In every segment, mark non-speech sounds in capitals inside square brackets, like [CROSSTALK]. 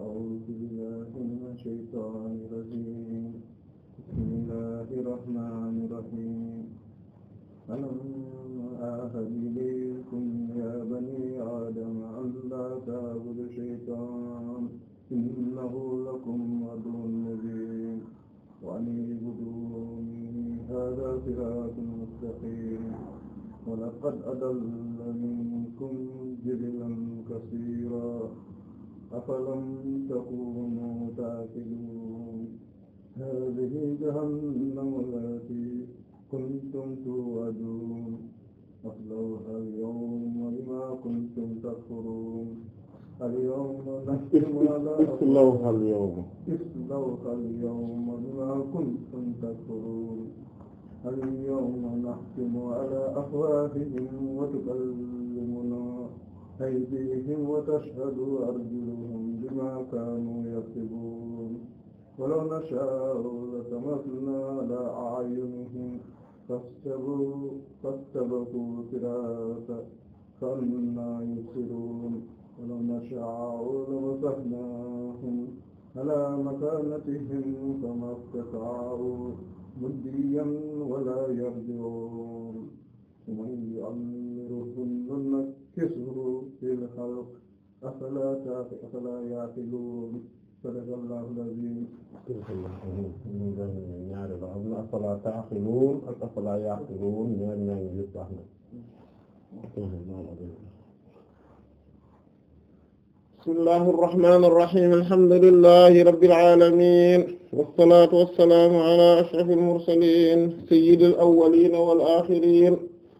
أعوذ بالله من الشيطان الرجيم بسم الله الرحمن الرحيم ألم أعهد إليكم يا بني آدم ألا تعبدوا الشيطان إنه لكم عدو مبين وأن اعبدوني هذا صراط مستقيم ولقد أضل منكم جبلا كثيرا أفلم تكونوا تعقلون هذه جهنم التي كنتم توعدون اصلوها اليوم بما كنتم تكفرون اليوم نختم على اصلوها اليوم اصلوها اليوم بما كنتم تكفرون اليوم نختم على أفواههم وتكلمنا أيديهم وتشهد أرجلهم بما كانوا يكسبون ولو نشاء لتمثلنا على أعينهم فاستبقوا صراط فأنا يبصرون ولو نشاء لمسحناهم على مكانتهم فما استطاعوا مديا ولا يرجعون ومن يعمره النفس kisuhu fil xalq afalaa taati afalaa yaaqiluun sadaqallaahu al-aziim ñaari la am na afalaa taaqiluun ak afalaa yaaqiluun ñaar ñaar yëpp baax na bismillaahi rahmaani rahiim alhamdulillaahi rabbil aalamiin wassalaatu wassalaamu alaa ashrafil mursaliin sayyidil awwaliin wal aaxiriin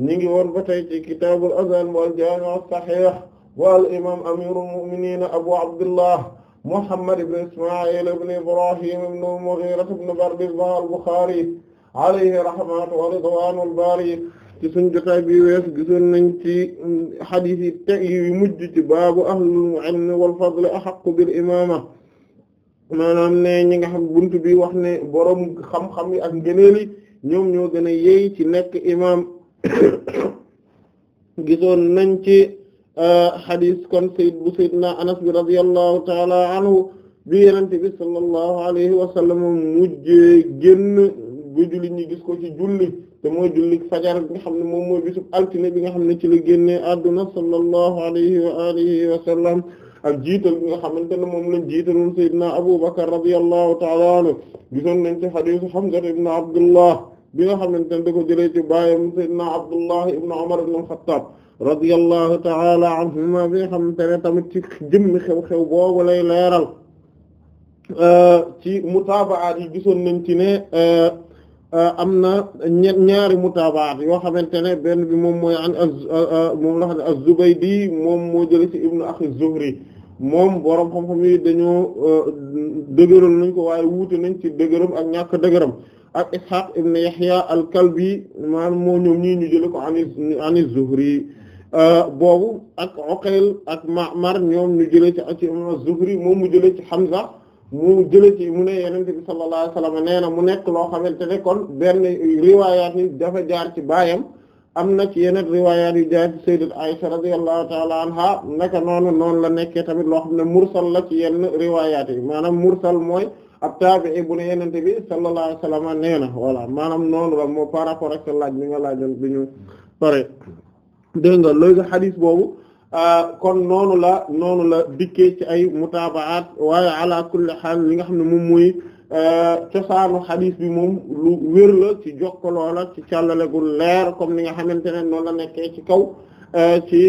ñi ngi woon ba tey ci kitaabul azan wal jaami' as-sahih wal imam amirul mu'minin abu abdullah muhammad ibn isma'il ibn ibrahim ibn al-mughira ibn bardizbah al-bukhari wa ridwanu al ci suñu jotaay bi weesu gisoon nañ ci xadiis yi teg yu mujj ci baabu ahlul ilmi wal fadl ahaqqu bil imaama maanaam ne ñi nga xam buntu bi wax ne borom xam-xam yi ak ngëneeli ñoom ñoo gën yey ci nekk imam gisoon nañ ci euh, xadis kon sayd bu saydna anas bi radiyallahu taala anhu bi yenente bi sallallahu alayhi wa sallam mujjee génn bu gis ko ci julli te mooy julli fajar bi nga xam ne moom mooy bisub altine bi nga xam ne ci la génnee adduna sallallahu alayhi wa alihi wa sallam ak jiital bi nga xamante ne moom lañ jiitaloon sayyidina Abu Bakar radiyallahu ta'ala anhu gisoon nañ ci hadiisu Hamza Abdullah bi nga xamante ne da ko jëlee ci baayam sayyidina Abdullah ibn Umar ibn al-Khattab radiyallahu ta'ala anhuma bi nga xamante tamit ci jëmmi xew-xew boobu lay leeral euh, ci mutaabaat yi gisoon nañ ci ne euh, am na ñaari mutaabaat yoo xamante ne benn bi moom mooy an euh, moom la xam az-Zubaydi moom moo jële ci ibnu axi Zuhri moom boroom xam-xam yi dañoo dëgëral nañ ko waaye wuute nañ ci dëgëram ak ñàkk dëgëram ak Ishaq ibn Yahya al-Kalbi maanaam moo ñoom ñii ñu jële ko an az-Zuhri euh, boobu ak Uqayl ak Ma'mar ñoom ñu jëlee ci ak ci az-Zuhri moom mu jëlee ci Hamza mu jëlee ci mu ne Yonent bi sallallahu alayhi nee na mu nekk loo xamante ne kon benn riwaayaat yi dafa jaar ci baayam am na ci yeneen riwaayaat yu jaar ci Sayyidat Aisha radiyallahu ta'ala anha naka noonu noonu la nekkee tamit loo xam ne mursal la ci yenn riwaayaat yi maanaam mursal mooy ab taabi'i bu ne bi sallallahu alayhi wa sallam nee na voilà maanaam noonu la moo par rapport ak sa laaj bi nga laajoon bi ñu pare dégg nga léegi xadis boobu euh, kon noonu la noonu la dikkee ci ay mutaabaat waaye ala xaal li nga xam ne moom mooy euh, cosaanu xadis bi moom lu la ci jokkaloo la ci càllale leer comme ni nga xamante ne noonu la nekkee ci kaw euh, ci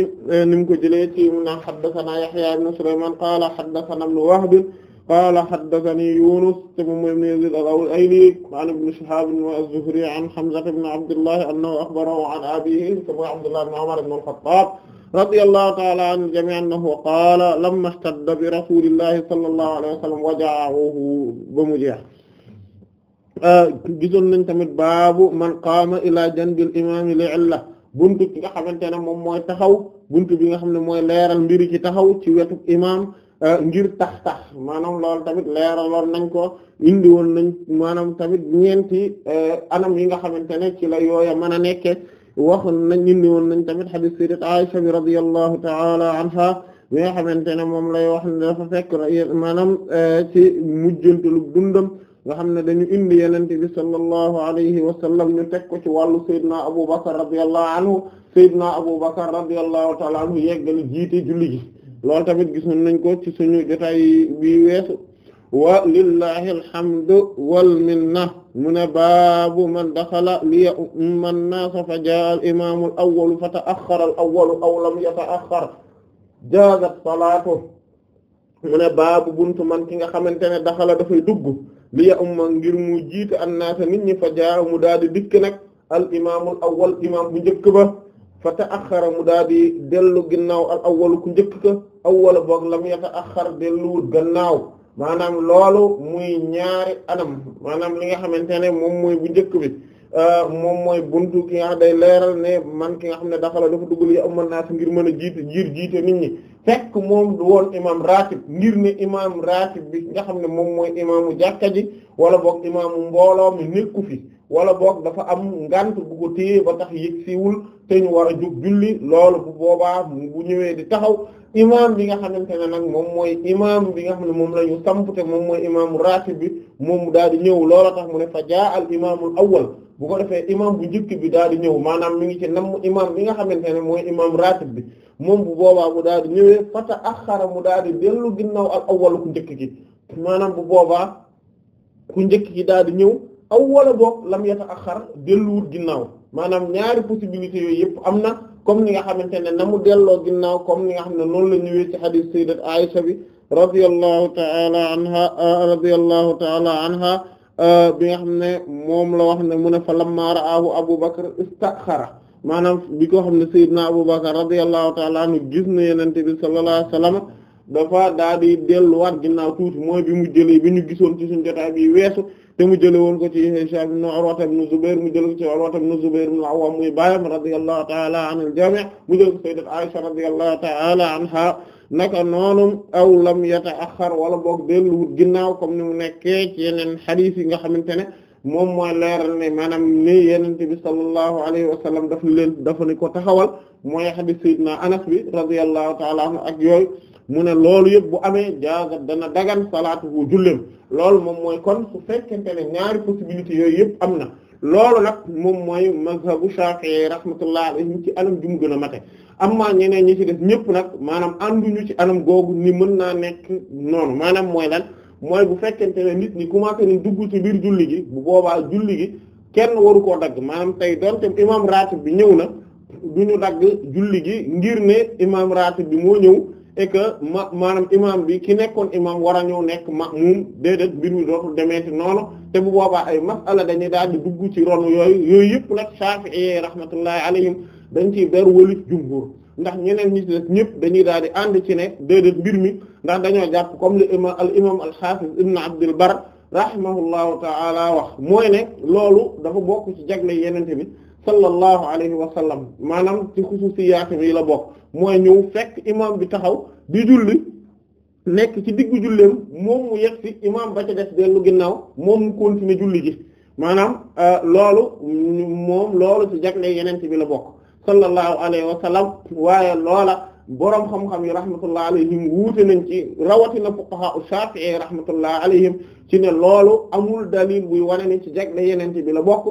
ni mu ko jëlee ci mun naa xaddasanaa Yaxyaa ibn Sulaymaan qaala xaddasanaa ibn Wahb qaala haddathanii Yunus te moom mooy ibn Yazid al-Ayli an ibn Shihab az-Zuhri an Hamza ibn Abdullah annahu akhbarahu an abiihi te mooy Abdullah ibn Umar ibn al-Khattab radiyallahu ta'ala anhu jami'an annahu qaala lamma ishtadda bi rasulillahi sallallahu alayhi wa sallam waja'uhu ba mu jeex euh, gisoon nañ tamit baabu man qaama ila janbil imaami li illa buntu ki nga xamante ne moom mooy taxaw buntu bi nga xam ne mooy leeral mbiri ci taxaw ci wetu imaam Ah, ngir tax tax maanaam loolu tamit leeraloon nañ ko indi woon nañ maanaam tamit ñeenti ah, anam yi nga xamante ne ci la yooya mën a nekke waxoon nañ indi woon nañ tamit hadith sayyidat Aisha bi radiyallahu ta'ala anha mi nga xamante ne moom lay wax ne dafa fekk maanaam ah, ci mujjantalu dundam nga xam ne dañu indi yenente bi sallallahu alayhi wa sallam ñu teg ko ci wàllu sayyidina Abu Bakar radiyallahu anhu sayyidina Abu Bakar radiyallahu ta'ala anhu yeggali jiite julli gi loolu tamit gis nañ ko ci suñu jotaay bi weesu wa lillahi alhamdu wal minna mu ne baabu man daxala li ya umma naasa fa jaa al imaamu awwalu fa ta'axxara al awwalu aw lam yata'axxar jaazat salaatu mu baabu buntu man ki nga xamante ne daxala dafay dugg li umma ngir mu jiite an naasa nit fa jaa mu daal di dikk nag al imaamul awwal imaam bu njëkk ba. fa ta'axxara mu daa di dellu ginnaaw al awwalu ku njëkk book awwala boog lam yata'axxar delluwul gannaaw maanaam loolu muy ñaari anam maanaam li nga xamante ne moom mooy bu njëkk bi euh, moom mooy buntu ki nga day leeral ne man ki nga xam ne dafa la dafa duggal yi amoon ngir mën a jiite ngir jiite nit ñi fekk moom du woon imaam ratib ngir ne imaam ratib bi nga xam ne moom mooy imaamu jàkka ji wala boog imaamu mbooloo mi nekku fi. wala boog dafa am ngànt bu ko téye ba tax yëg siiwul te ñu war a julli loolu bu boobaa bu ñëwee di taxaw imaam bi nga xamante ne nag moom mooy imaam bi nga xam ne moom la ñu samp moom mooy imaamu ratib bi moom daal di ñëw loola tax mu ne fa jaa al imaamul awwal bu ko defee imaam bu njëkk bi daal di ñëw maanaam mi ngi ci namm imaam bi nga xamante ne mooy imaam ratib bi moom bu boobaa bu daal di ñëwee fata axara mu daal di dellu ginnaaw al awwal ku njëkk gi maanaam bu boobaa ku njëkk gi daal di ñëw aw wala boog lam yata ak xar delluwut ginnaaw maanaam ñaari possibilités yooyu yëpp am na comme ni nga xamante ne na mu delloo ginnaaw comme ni nga xam ne noonu la ñëwee ci xadis sayyidat Aisha bi radiyallahu ta'ala anha radiyallahu ta'ala anha bi nga xam ne moom la wax ne mu ne fa lamma ra'ahu Abu Bakr istakhara maanaam bi ko xam ne sayyidna Abu Bakr radiyallahu ta'ala anhu gis na yenente bi sallallahu alayhi dafa daal di delluwaat ginnaaw tuuti mooy bi mu jëlee bi ñu gisoon ci suñu jotaay bi weesu te mu jëlee woon ko ci Hishaam ibn Urwa ibn Zubayr mu jëlee ko ci Urwa ibn Zubayr ibn al-Awwaam muy baayam radiyallahu ta'ala anil jami' mu jëlee ko sayyidat Aisha radiyallahu ta'ala anha naka noonu aw lam yata'akhkhar wala boog delluwut ginnaaw comme ni mu nekkee ci yeneen xadiis nga xamante ne moom mooy leeral ne maanaam ni yenente bi sallallahu alayhi wa sallam dafa leen ko taxawal mooy xadiis sayyidina bi radiyallahu ak yooyu mu ne loolu yëpp bu amee jaazat dana dagan salaatuhu julleem loolu moom mooy kon su fekkente ne ñaari possibilité yooyu yëpp am na loolu nag moom mooy mazhabu Shafi'i rahmatullah alayhi ci anam ju mu gën a mate amma ñeneen ñi ci def ñëpp nag maanaam ànduñu ci anam googu ni mën naa nekk noonu maanaam mooy lan mooy bu fekkente ne nit ñi commencé nañ dugg ci biir julli gi bu boobaa julli gi kenn waru koo dagg maanaam tey donte imam ratib bi ñëw na du dagg julli gi ngir ne imam ratib bi moo ñëw et que ma maanaam imam bi ki nekkoon imam war a ñëw nekk ma'mum déedéet mbir mi dootul demeeti noonu te bu boobaa ay masala dañuy daal di dugg ci ronu yooyu yooyu yëpp nag Shafi'i rahmatullahi alayhim dañ ciy ber walif ndax ñeneen ñi ci ñëpp dañuy daal di ànd ci ne déedéet mbir mi ndax dañoo jàpp comme le al imam al hafiz ibn abdul bar rahimahullahu ta'ala wax mooy ne loolu dafa bokk ci jagle yenente bi sallallahu alayhi wa sallam maanaam ci xususiyaat bi la bokk mooy ñëw fekk imam bi taxaw di julli nekk ci diggu julleem moom mu yegg si imam ba ca def dellu ginnaaw moom mu continuer julli ji maanaam euh, loolu moom loolu ci jagle yeneen bi la bokk sallallahu alayhi wa sallam waaye loola boroom xam-xam yi rahmatullah alayhim nañ ci rawatina fuqaha Shafi'i rahmatullah alayhim ci ne loolu amul dalil buy wane ne ci jagle yeneen bi la bokk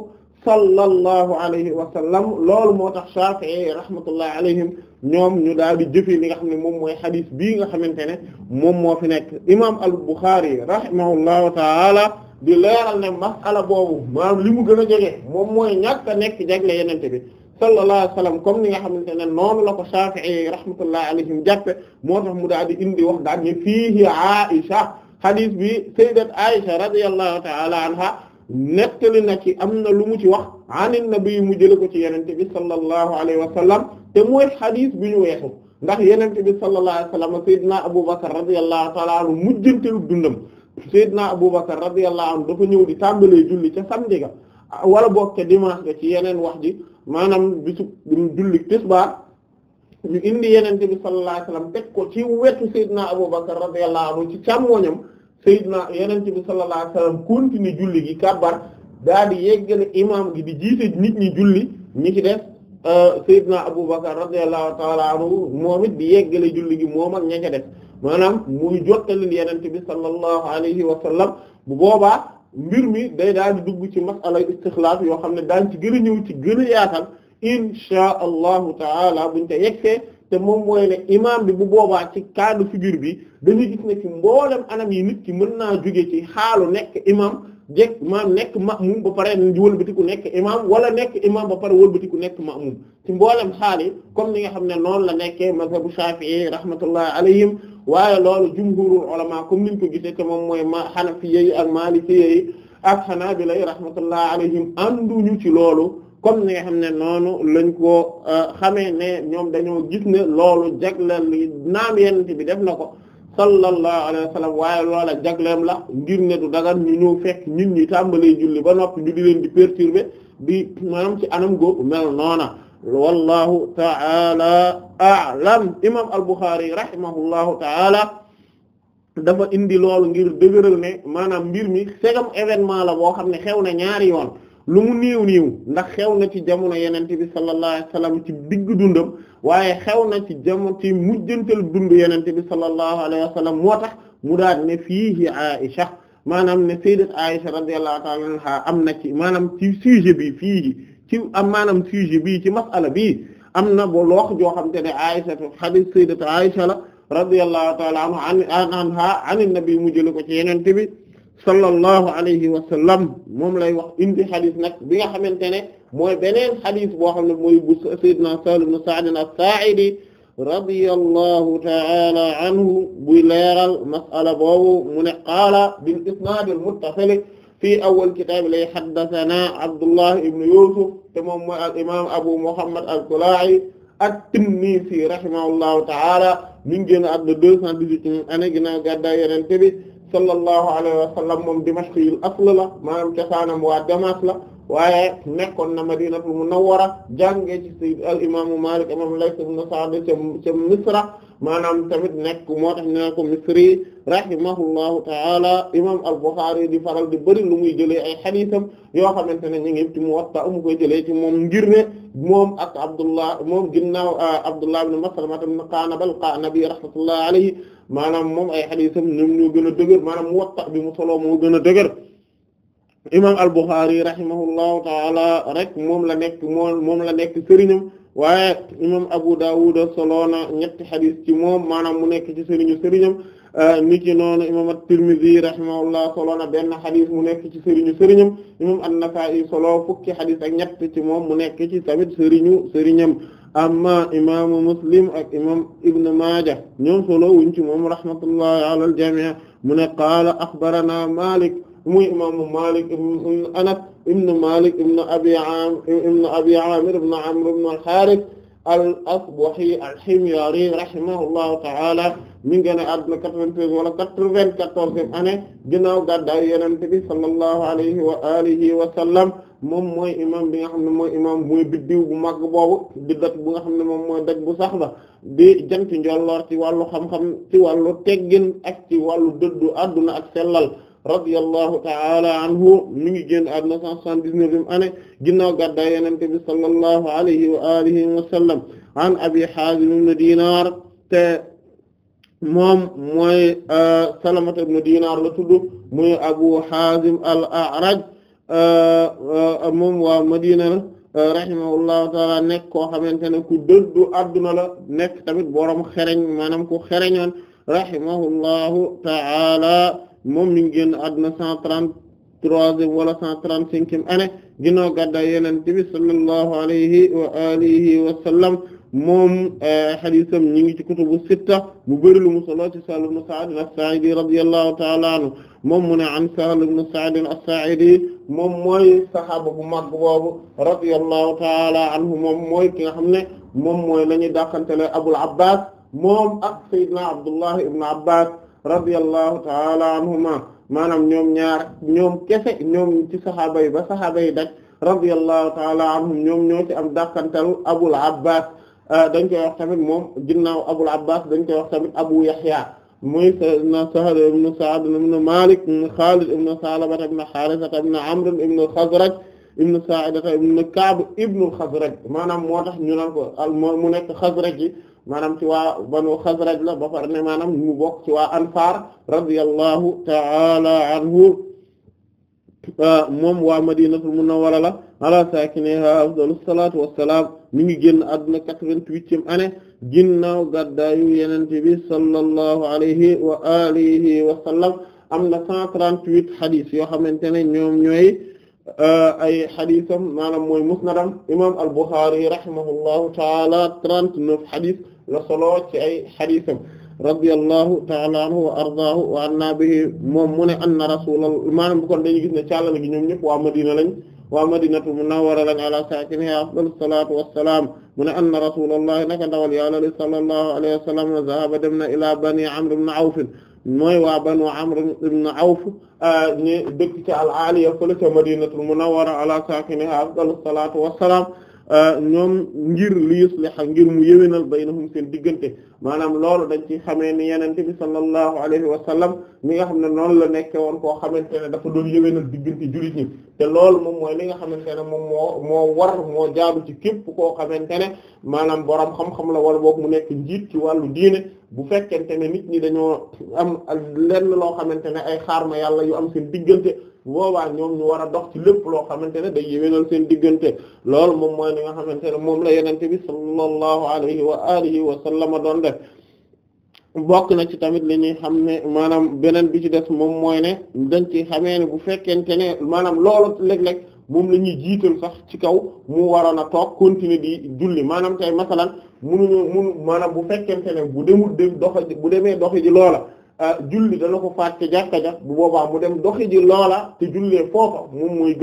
sallallahu alayhi wa sallam loolu moo tax Shafi'i rahmatullah alayhim ñoom ñu daal di jëfee li nga xam ne moom mooy xadis bii nga xamante ne moom moo fi nekk imam al-Bukhari rahimahullahu taala di leeral ne masala boobu maanaam li mu gën a jege moom mooy ñàkk nekk jagle yenente bi sallallahu alayhi wa sallam comme ni nga xamante ne noonu la ko Shafi'i rahmatullahi alayhim jàppe moo tax mu daal indi wax daal ne fiihi Aisha xadis bi sayyidat Aisha radiyallahu taala anha nettali na ci am na lu mu ci wax anin nabi mu jëla ko ci yenente bi sallallahu alayhi wa sallam te mooy xadiis bi ñu weexu ndax yenente bi sallallahu alayhi wa sallam sayyidina abubakar radiyallahu ta'ala anhu mujjantelu dundam sayyidina abubakar radiyallahu anhu dafa ñëw di tàmbalee julli ca samedi ga wala boog ca dimanche ga ci yeneen wax ji maanaam bisu julli tisbaar ñu indi yenente bi sallallahu alayhi wa sallam teg ci wetu sayyidina abubakar radiyallahu anhu ci càmmoñam Seydina Yonent bi sallallahu alayhi julli gi kàbbar daal di yeggale imaam gi di jiite nit ñi julli ñi ci def euh, Seydina Abubakar radiyallahu ta'ala anhu moom di yeggale julli gi moom ak ña ca def maanaam muy jottali Yonent bi sallallahu alayhi wa sallam bu boobaa mbir mi day daal di dugg ci masala istixlaaf yoo xam ne daañ ci gën a ñëw ci gën a yaatal insha allahu taala buñ te yegsee te moom mooy ne imaam bi bu boobaa ci cas de figure bi dañuy gis ne ci mboolem anam yi nit ci mën naa jóge ci xaalu nekk imaam jekk maam nekk ma'mum ba pare wëlbatiku nekk imaam wala nekk imaam ba pare wëlbatiku nekk ma'mum ci mboolem xaal yi comme ni nga xam ne noonu la nekkee mazhabu Shafi'i rahmatullah alayhim waaye loolu jumhurul ulama comme niñ ko gisee te moom mooy ma Hanafiyyi ak Malikiyyi ak Hanabila rahmatullah alayhim ñu ci loolu. comme ni nga xam ne noonu lañ ko euh, xamee ne ñoom dañoo gis ne loolu jagleel li naam yenente bi def na ko sallallahu alayhi wa sallam waaye loola jagleem la ngir ne du daga ñu ñëw fekk nit ñi tàmbalee julli ba noppi ñu di leen di perturber di maanaam ci anam googu mel noona wallahu ta'ala a'lam imam al-Bukhari rahimahullahu ta'ala dafa indi loolu ngir dëgëral ne maanaam mbir mi segam événement la boo xam ne xew na ñaari yoon lu mu néew néew ndax xew na ci jamono yenente bi sallallahu alayhi wasallam ci digg dundam waaye xew na ci jamono ci mujjantal dund yenente bi sallallahu alayhi wasallam moo tax mu daal ne fiihi Aisha maanaam ne sayyidat Aisha radiyallahu ta'ala anha am na ci maanaam ci sujet bi fiihi ci am maanaam sujet bii ci masala bi am na ba loox joo xam te ne Aisha hadith sayyidat Aisha la radiyallahu ta'ala anha an anha an nabi mu jël ko ci yenente bi sallallahu alayhi wa sallam moom lay wax indi xadis nag bi nga xamante ne mooy beneen xadis boo xam ne mooy bu sayyidina Sahl ibn Sa'd as-Sa'idi radiyallahu ta'ala anhu buy leeral mas'ala boobu mu ne qaala bil isnaad al muttasil fii awwal kitaab lay haddathana Abdullah ibn Yusuf te moom mooy al imaam Abu Muhammad al-Kalaa'i at-Tinnisi rahimahullahu ta'ala mi ngi génn àdduna 218 année ginnaaw gàddaay Yonent bi sallallahu alayhi wa sallam moom dimashqi yul asl la maanaam cosaanam waa Damas la waaye nekkoon na madinatul munawwara jàngee ci sayyid al imaamu Maalik imam Layth ibn Sa'd ca ca Misra maanaam tamit nekk moo tax ne ko misri rahimahullahu taala imam al-Bukhari di faral di bari lu muy jëlee ay xadiisam yoo xamante ne ñu ngi ci Muwatta amu koy jëlee ci moom ngir ne moom ak Abdullah moom ginnaaw ah, Abdullah ibn Maslama ibn Qa'nab al-Qa'nabi rahmatullahi alayhi maanaam moom ay xadiisam ñoom ñoo gën a dëgër maanaam Muwatta bi mu solo moo gën a dëgër imam al-Bukhari rahimahullahu taala rek moom la nekk moom moom la nekk sëriñam waaye imam Abu Dawud solo na ñetti xadis ci moom maanaam mu nekk ci sëriñu sëriñam eh, niki noonu imam at-Tirmidhi rahimahullah solo na benn xadis mu nekk ci sëriñu sëriñam imam an-Nasa'i solo fukki xadis ak ñett ci moom mu nekk ci tamit sëriñu sëriñam amma imaamu Muslim ak imam Ibn Maaja ñoom solo wuñ moom rahmatullahi ala al-jami' mu ne Maalik muy imaamu Malik ibn Anas ibn Malik ibn Abi Amir ibn Abi Amir ibn Amr ibn al-Harith al-Asbahi al-Himyari rahimahullahu ta'ala mi ngi génn àdduna 93 wala 94e année ginnaaw gàddaay Yonent bi sallallahu alayhi wa alihi wa sallam moom mooy imam bi nga xam ne mooy imam mooy biddiw bu mag boobu di dat bu nga xam ne moom mooy daj bu sax ba di jant njolloor ci wàllu xam-xam ci wàllu teggin ak ci wàllu dëddu àdduna ak sellal radiyallahu ta'ala anhu mi ngi génn àdduna ane ginnaaw gàddaay Yonent bi sallallahu alayhi wa alihi wa Abi Haazim ibn Dinar te moom mooy euh, Salamata ibn Dinar la tudd muy Abu Haazim al-A'raj euh, euh, moom waa Madina la rahimahullahu taala nekk koo xamante ne ku dëddu adduna la nekk tamit borom xereñ maanaam ku xereñoon rahimahullahu taala moom mi ngi génn àdduna cent trente-troisième wala cent trente-cinquième année ginnaaw gàddaay Yonent bi sallallahu alayhi wa alihi wa sallam moom xadiisam eh, ñi ngi ci kutubu sitta mu bëri lu mu solo ci Sahl ibn Sa'd as-Sa'idi ta'ala anhu moom mu ne an Sahl ibn Sa'd as-Sa'idi moom mooy saxaaba bu mag boobu radiyallahu ta'ala anhu moom mooy ki nga xam ne moom mooy la ñuy dàqantele Abul Abbas moom ak Seydina Abdullah ibn Abbas radiyallahu taala anhuma maanaam ñoom ñaar ñoom kese ñoom ci saxaaba yi ba saxaaba yi daj radiyallahu taala anhum ñoom ñoo ci am dàqantalu abul abbas euh, dañ koy wax tamit moom ginnaaw abul abbas dañ koy wax tamit abu yahya muy sayyidina Sahl ibn Sa'd ibn Malik ibn Khalid ibn Salaba ibn Haritha ibn Amr ibn al-Khazraj ibn Sa'ida ibn Ka'b ibn al-Khazraj maanaam moo tax ñu naan ko mu nekk Khazraji maanaam ci waa banu Xasraj la ba pare ne maanaam mu bokk ci waa Ansaar radiyallahu ta'ala anhu ah, moom waa Madinatul wala la ala saakinihaa afdalus salaatu wassalaam mi ngi génn àdduna quatre-vingt-huitième année ginnaaw gàddaayu Yonent bi sallallahu alayhi wa alihi wa sallam am na cent trente-huit xadis yoo xamante ne ñoom ñooy ah, ay xadisam maanaam mooy musnadam imaam al-Bukhari rahimahullahu ta'ala trente-neuf xadis la solo ci ay xadiisam radiyallahu ta'ala anhu wa ardaahu wa anna bihi moom mu ne anna rasulullah maanaam kon dañu gis ne càllal gi ñoom ñëpp waa Madina wa waa Madinatu Munawwara lañ ala saakinihaa afdalu salaatu wassalaam mu ne anna rasulullah naka ndawal yàlla li sallallahu alayhi wa sallam zahaba dem na ila bani Amr ibn Awf mooy waa banu Amr ibn Awf ñi dëkk ci al-Aaliya fële ca Madinatul Munawwara ala saakinihaa afdalu salaatu wassalaam Euh, ñoom ngir li yusliha ngir mu yéwénal baynahum seen diggante maanaam loolu dañ ci xamee ni yenente bi sallallahu alayhi wa sallam mi nga xam ne noonu la nekke koo xamante ne dafa doon yëwénal diggante jullit ñi te loolu moom mooy li nga xamante ne moom moo moo war moo jaaru ci képp koo xamante ne maanaam boroom xam la wala boog mu nekk njiit ci wàllu diine bu fekkente ne nit ñi dañoo am lenn loo xamante ne ay xaar ma yàlla yu am seen diggante boobaa ñoom ñu war a dox ci lépp loo xamante ne day yéwénal seen diggante loolu moom mooy li nga xamante ne moom la yenente bi sallallahu alayhi wa alihi wa sallam doon def bokk na ci tamit li ñuy xam ne maanaam beneen bi ci des moom mooy ne dañ ci ne bu fekkente ne maanaam loolu léeg-léeg la ñuy jiital sax ci kaw mu waroon a toog continuer di julli maanaam tey masalan munuñu mun maanaam bu fekkente ne bu demul dem dox bu demee doxi ji loola ah, julli dana ko faat ci bu boobaa mu dem doxi ji loola te jullee foofa moom mooy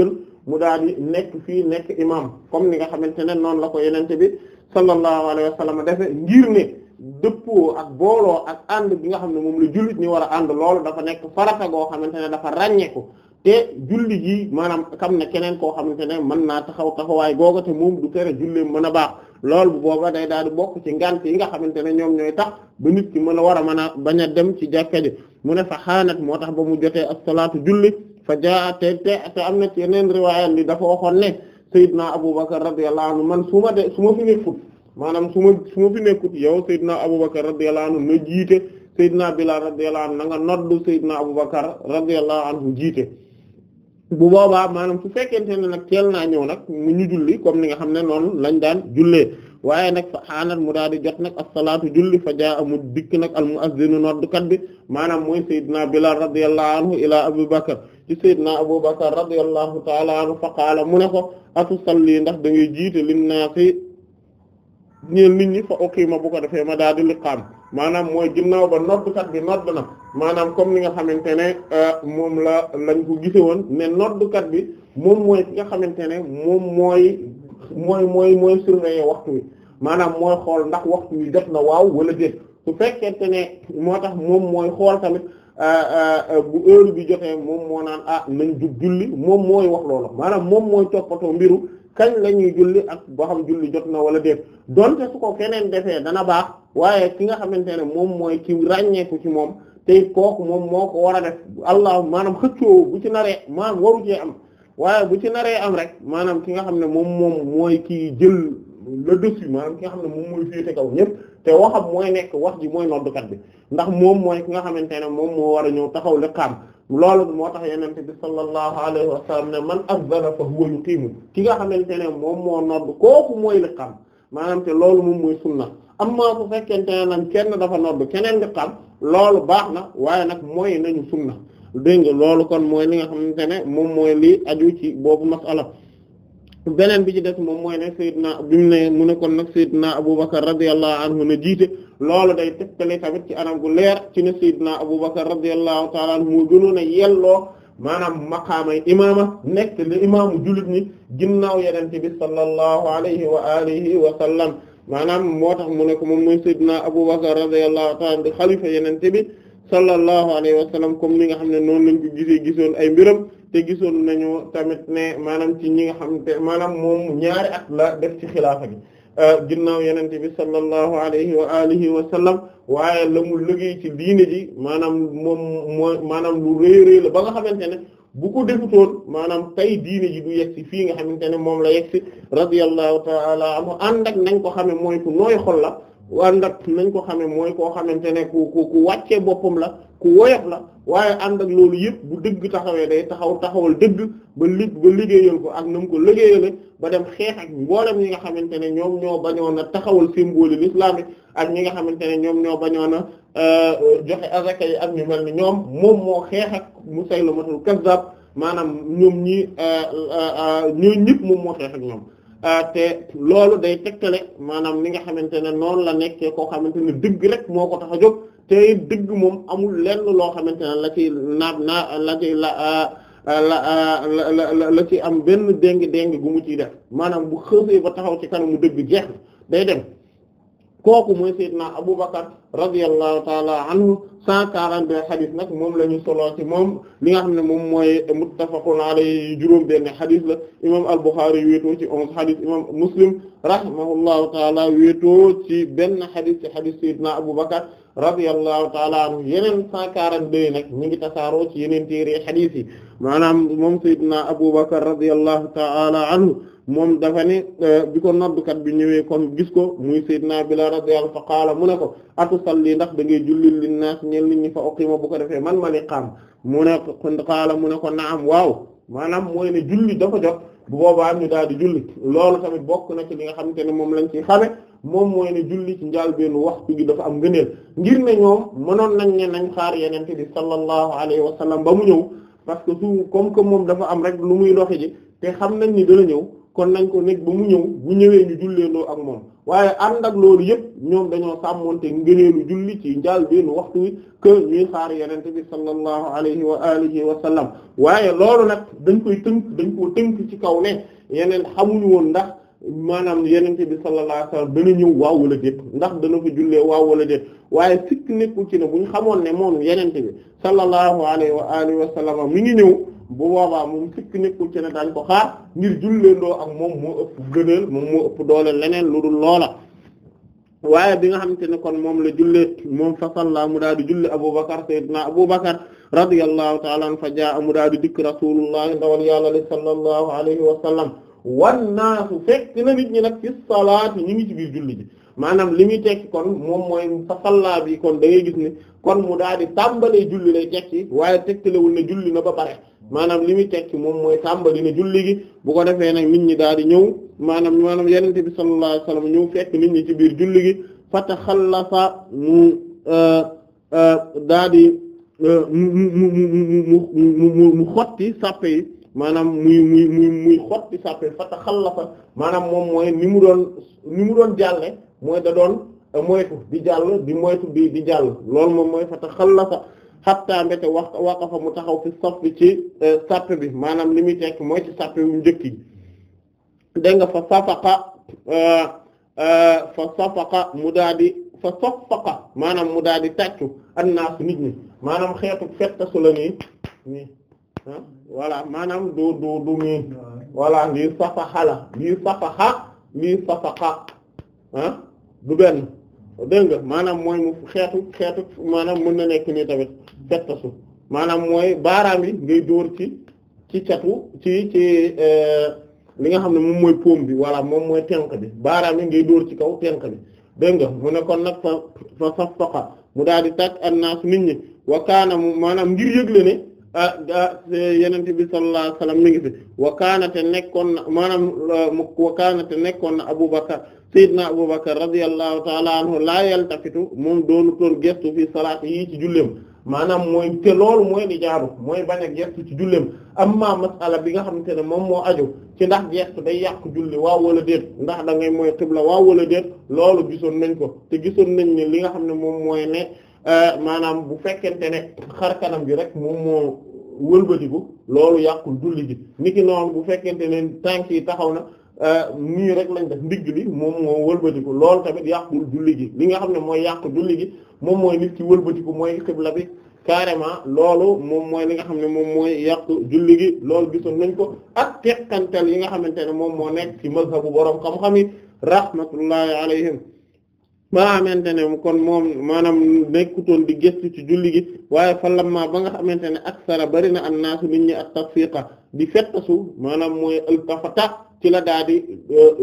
mu daal di nekk fii nekk imam kom ni nga xamante ne noonu la ko yenente bi sallallahu alayhi wa sallam ngir ne dëppoo ak booloo ak ànd bi nga xam ne moom la jullit ñi war a ànd loolu dafa nekk farata goo xamante ne dafa ràññeeku te julli gi maanaam xam ne keneen koo xamante ne mën naa taxaw taxawaay googu te moom du tere julleem mën a baax lool bu booba day daal di bokk ci ngant yi nga xamante ne ñoom ñooy tax ba nit ki mën a war a mën a bañ a dem ci jàkka mu ne fa xaanat moo tax ba mu jotee as-salaatu julli fa jaa am na ci yeneen riwaayam bi dafa waxoon ne Seydina Abubakar radiyallahu anhu man su ma de su ma fi nekkul maanaam su ma su ma fi nekkut yow Seydina Aboubacar radiyallahu anhu na jiite Seydina Bilal radiyallahu anhu na nga noddu Seydina Aboubacar radiyallahu anhu jiite bu boobaa maanaam su fekkente ne nag teel naa ñëw nag mu ñu julli comme ni nga xam ne noonu lañ daan jullee waaye nag fa xaanat mu daal di jot nag as-salaatu julli fa jaa amul dikk nag al-mu'azzinu noddkat bi maanaam mooy Seydina Bilal radiyallahu anhu ilaa Aboubacar ci Seydina Aboubacar radiyallahu ta'ala anhu fa qaala mu ne ko atusalli ndax da ngay jiite lin ñeel nit ñi fa oqiima bu ko defee ma daal di liqaam maanaam mooy ginnaaw ba noddkat bi nodd na maanaam comme ni nga xamante ne euh, moom la lañ ko gise woon ne noddkat bi moom mooy nga xamante ne moom mooy mooy mooy mooy surveiller waxtu wi maanaam mooy xool ndax waxtu wi def na waaw wala déet su fekkente ne moo tax moom mooy xool tamit euh, euh, bu heure bi jotee moom moo naan ah nañ jug julli moom mooy wax loolu maanaam moom mooy toppatoo mbiru kañ la ñuy julli ak boo xam julli jot na wala déet donte su ko keneen defee dana baax waaye ki nga xamante ne moom mooy ki ràññeeku ci moom te kooku moom moo ko war a def allah maanaam xëccoo bu ci naree maanaam waru am waaye bu ci naree am rek maanaam ki nga xam ne moom moom mooy ki jël le dessus maanaam ki nga xam ne moom mooy féete kaw ñépp te waxam mooy nekk wax ji mooy noddukat bi ndax moom mooy ki nga xamante ne moom moo war a ñëw taxaw le loolu moo tax yenente bi sallallahu alayhi wa sallam ne man azdana fa huwa yuqimu ki nga xamante ne moom moo nodd kooku mooy li xam maanaam te loolu moom mooy sunna amma su fekkente ne nag kenn dafa nodd keneen li xam loolu baax na waaye nag mooy nañu sunna dégg nga loolu kon mooy li nga xam ne moom mooy li aju ci boobu masala beneen bi ci des moom mooy ne Seydina bi mu ne mu ne kon nag Seydina Aboubacar radiyallahu anhu na jiite loolu day tëkkale tamit ci anam gu leer ci ne Seydina Aboubacar radiyallahu ta'ala anhu moo gënoon a yelloo maanaam maqaamay imaama nekk li imaamu jullit ni ginnaaw yeneen bi sallallahu alayhi wa alihi wa sallam maanaam moo tax mu ne ko moom mooy Seydina Aboubacar radiyallahu ta'ala di xalifa yeneen bi sallallahu alayhi wa sallam comme ni nga xam ne noonu lañ ko gisee gisoon ay mbiram. te gisoon nañu tamit ne maanaam ci ñi nga xamante maanaam moom ñaari at la def ci xilaafa gi euh, ginnaaw yeneen bi sallallahu alayhi wa alihi wa sallam waaye la mu liggéey ci diine ji maanaam moom mooy maanaam lu rëy rëy la ba nga xamante ne bu ko defutoon maanaam tey diine ji du yegsi fii nga xamante ne moom la yegsi radiyallahu ta'ala anhu ànd ak nañ ko xame mooy ku nooy xol la ànd ak nañ ko xame mooy koo xamante ne ku ku ku wàccee boppam la ku woyof la waaye ànd ak loolu yëpp bu dëgg taxawee day taxaw taxawal dëgg ba li ba liggéeyal ko ak na mu ko liggéeyale ba dem xeex ak mboolem ñi nga xamante ne ñoom ñoo bañoon a taxawal symbole islamique ak ñi nga xamante ne ñoom ñoo bañoon a euh, joxe azaka yi ak ñu mel ni ñoom moom moo xeex ak mu la Musaylamatul Kazzab maanaam ñoom ñi euh, euh, ñoo ñëpp moom moo xeex ak ñoom Ah, te loolu day tegtale maanaam li nga xamante ne noonu la nekkee koo xamante ne dëgg rek moo ko tax a jóg te dëgg moom amul lenn loo xamante ne la ci naab naa la ci ah, ah, la la la ci am benn déng déng gu mu ciy def maanaam bu xësee ba taxaw ci kanamu dëgg jeex day dem abu mooy Seydina Aboubacar radiyallahu taala anhu cent quarante deux xadis nag moom la ñu solo ci moom li nga xam ne moom mooy muttafaqun alayhi juróom-benn xadis la imam al-Bukhari wéetoo ci onze xadis imam Muslim rahimahullahu taala wéetoo ci benn xadis ci xadis Seydina Aboubacar radiyallahu taala anhu yeneen cent quarante deux nag ñu ngi tasaaroo ci yeneen téere xadis yi maanaam moom Seydina Aboubacar radiyallahu taala anhu moom dafa ne euh, bi ko noddukat bi ñëwee kon gis ko muy sayyidina Bilaal radiyallahu fa qaala mu ne ko atusalli ndax dangay ngay jullil lin naas ñeel nit ñi fa uqiima bu ko defee man ma liqaam mu ne ko qaala mu ne ko naam waaw maanaam mooy ne julli dafa jot bu boobaa ñu daal di julli loolu tamit bokk na ci li nga xam xamante ne moom lañ ci xame moom mooy ne julli ci njaal benn waxtu gi dafa am ngëneel ngir ne ñoom mënoon nañ ne nañ xaar yenente bi sallallahu alayhi wa sallam ba mu ñëw parce que su comme moom dafa am rek lu muy doxe ji te xam nañ ni dana ñëw kon nañ ko nekk ba mu ñëw bu ñëwee ñu julleendoo ak moom waaye ànd ak loolu yëpp ñoom dañoo sàmmoon sàmmonte ngëneelu julli ci njaal benn waxtu wi que ñuy xaar yenente bi sallallahu alayhi wa alihi wa sallam waaye loolu nag dañ koy tënk dañ koo tënk ci kaw ne yeneen xamuñu woon ndax maanaam yenente bi sallallahu alayhi wa sallam ñëw waaw wala déet ndax dana fa jullee waaw wala déet waaye sikk nekkul ci ne bu ñu xamoon ne moom yenente bi sallallahu alayhi wa alihi wa sallam mi ngi ñëw bu boobaa moom sikk nekkul ci ne ko xaar ngir julleendoo ak moom moo ëpp gëneel moom moo ëpp doole leneen lu dul loola waaye bi nga xamante ne kon moom la julle moom fa salla mu daa di julli Abubakar sayyidina Abubakar radiyallahu ta'ala an fa jaa mu daa di dikk rasulullahi ndawal yàlla li sallallahu alayhi wa sallam wan na nit ñi nag ci salaat yi ñu biir julli ji maanaam li muy tekki kon moom mooy fasalla bi kon da gis ni kon mu daal di tàmbalee julli lay tekki waaye tegtalewul ne julli na ba pare maanaam li muy tekki moom mooy tàmbali na julli gi bu ko defee nag nit ñi daal di ñëw maanaam maanaam yenente bi sallallahu alayhi wasallam ñëw fekk nit ñi ci biir julli gi fataxallafa mu euh, euh, daal di euh, mu mu mu mu mu xotti sàppe yi maanaam muy muy muy muy xotti sàppe maanaam moom mooy ni mu doon ni mu doon jàlle mooy da doon moytu di jàll di moytu bii di jàll loolu moom mooy fa taxallafa xattaa mbete wax waqafa mu taxaw fi saf bi ci eh, sàpp bi maanaam li muy tekk mooy ci sàpp bi mu njëkk yi dégg nga fa safaqa eh, eh, fa safaqa mu daa di fa safaqa maanaam mu daa di tàccu annaasu nit ñi maanaam xeetu fettasu la nii nii ah voilà maanaam du du du nii safaxa la lii safaxa lii safaqa ah. du benn dégg maanaam mooy mu xeetu xeetu maanaam mën na nekk nii tamit fettasu maanaam mooy baaraam yi ngay dóor ci ci catu ci ci euh, li nga xam ne moom mooy poom bi walla moom mooy tenk bi baaraam yi ngay dóor ci kaw tenk bi dégg nga mu ne nag fa fa fa faqa mu daal di tàkk annaas nit ñi wa kaana maanaam ngir yëgle ne ah, ah, yenente bi sallallahu alayhi wasallam mi fi wa kaana te nekkoon na maanaam euh, wa kaana te nekkoon na abu Abubakar Seydina Abubakar radiyallahu taala anhu laa yaltafitu moom doonu toon gestu fi salaat yi ci julleem maanaam mooy te loolu mooy li jaaru mooy bañ a gestu ci julleem amma masala bi nga xamante ne moom moo aju ci ndax gestu day yàq julli waaw wala déet ndax da ngay mooy xibla waaw wala déet loolu gisoon nañ ko te gisoon nañ ne li nga xam ne moom mooy ne euh, maanaam bu fekkente ne xarkanam bi rek moom moo wëlbatiku loolu yàqul julli gi niki noonu bu fekkente ne tànk yi taxaw na Euh, nii rek lañ def ndigg li moom moo wëlbatiku lool tamit yàqul julli gi li nga xam ne mooy yàqu julli gi moom mooy nit ki wëlbatiku mooy xibla bi carrément loolu moom mooy li nga xam ne moom mooy yàq julli loolu gisoon nañ ko ak teqantal yi nga xamante ne moom moo nekk ci mazhabu boroom xam-xam yi rahmatullahi alayhim ma xamante ne kon moom maanaam nekkutoon di gëstu ci julli gi waaye fa lamma ba nga xamante ne aksara bari na annaasu nit ñi ak tafiqa di fettasu maanaam mooy al ci la daa di euh,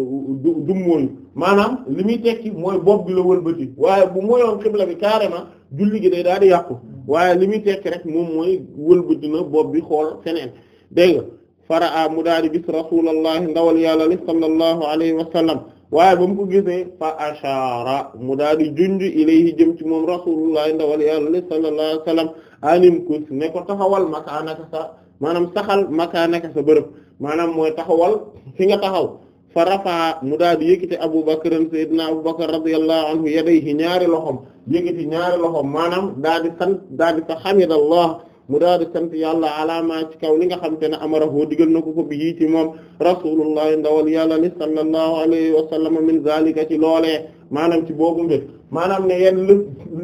dummóoyu maanaam li muy tekki mooy bopp bi la wëlbati waaye bu moyoon xibla bi carrément julli gi day daa di yàqu waaye li muy tekki rek moom mooy wëlbati na bopp bi xool feneen dégg nga faraa mu daa di gis rasulallahi ndawal yàlla li sallallahu alayhi wa sallam waaye ba mu ko gise fa ashaara mu daal di junj ilayhi jëm ci moom rasulullah ndawal yàlla sallallahu wasallam anim ne ko taxawal makaanaka sa maanaam saxal makaanaka sa bërëb maanaam mooy taxawal fi nga taxaw fa rafaa mu daal di yëkkati Abu Bakr sayyidina Abu Bakr radiyallahu anhu yadayhi ñaari loxom yëkkati ñaari loxom maanaam daal di sant daal di fa hamidallah mu daal di sant yàlla alaama ci kaw li nga xam te ne amarahu digal na ko ko bi ci moom rasulullah ndawal yàlla li sallallahu alayhi wa sallam min zalika ci loolee maanaam ci boobu mbir maanaam ne yenn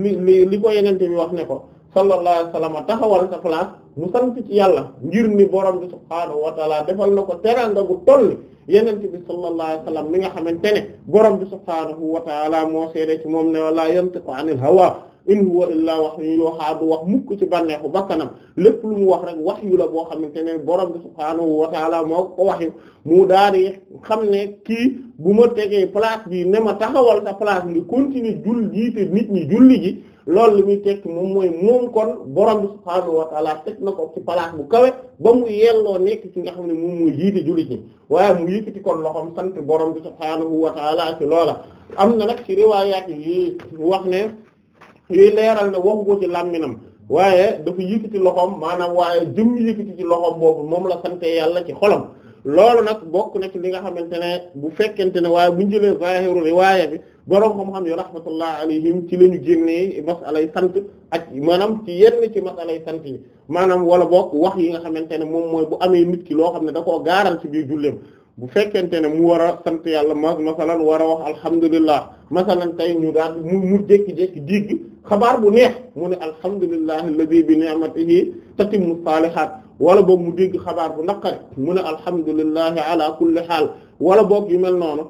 li li ko yenente bi wax ne ko sallallahu alayhi wa sallam taxawal sa place mu sant ci yàlla ngir ni borom bi subhaanahu wa taala defal na ko teraanga gu toll yenente bi sallallahu alayhi wa sallam mi nga xamante ne borom bi subhaanahu wa taala moo seede ci moom ne wala yantiqu anil hawa in huwa illaa wahyun yuuhaa bu wax mukk ci bànneexu bakkanam lépp lu mu wax rek wax yu la boo xamante ne borom bi subhaanahu wa taala moo ko waxyu daal xam ne kii bu ma tegee place bii ne ma taxawal sa place ngi continuer jull jiite nit ñi julli ji lool li muy tekki moom mooy moom kon borom bi subhaanahu wa teg na ko ci place bu kawet ba mu yelloo nekk ci nga xam ne moom mooy jiite julli ji waaye mu yëkkati kon loxoom sant borom bi subhaanahu wa taala ci loola am na nag ci riwaayaat yi wax ne yuy leeral na waxu ko ci làmminam waaye dafa yëkkati loxoom maanaam waaye jëm yëkkati ci loxoom boobu moom la sante yàlla ci xolom loolu nag bokk na ci li nga xamante ne bu fekkente ne waaye bu ñu jëlee zahiru riwaaya bi borom xam-xam yi rahmatullah alayhim ci la ñu génnee masala yi sant ak maanaam ci yenn ci masala yi sant yi maanaam wala bokk wax yi nga xamante ne moom mooy bu amee nit ki loo xam ne da koo gaaral ci biir julleem bu fekkente ne mu war a sant yàlla ma masalan war a wax alhamdulillah masalan tey ñu daal mu mu jékki-jékki digg xabaar bu neex mu ne alhamdulillah alladhi bi ni'matihi tatimmu salihat wala boog mu dégg xabaar bu naqari mu ne alhamdulillahi ala kulli xaal wala boog yu mel noonu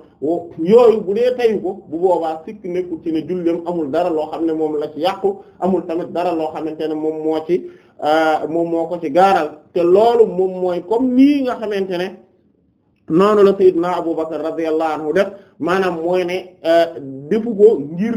yooyu bu dee tayu ko bu boobaa sikk nekkul ci ne julleem amul dara loo xam ne moom la ci yàqu amul tamit dara loo xamante ne moom moo ci euh, moom moo ko ci gaaral te loolu moom mooy comme nii nga xamante ne noonu la sayyidna Abu Bakr radiyallahu anhu def maanaam mooy ne euh, defu ko ngir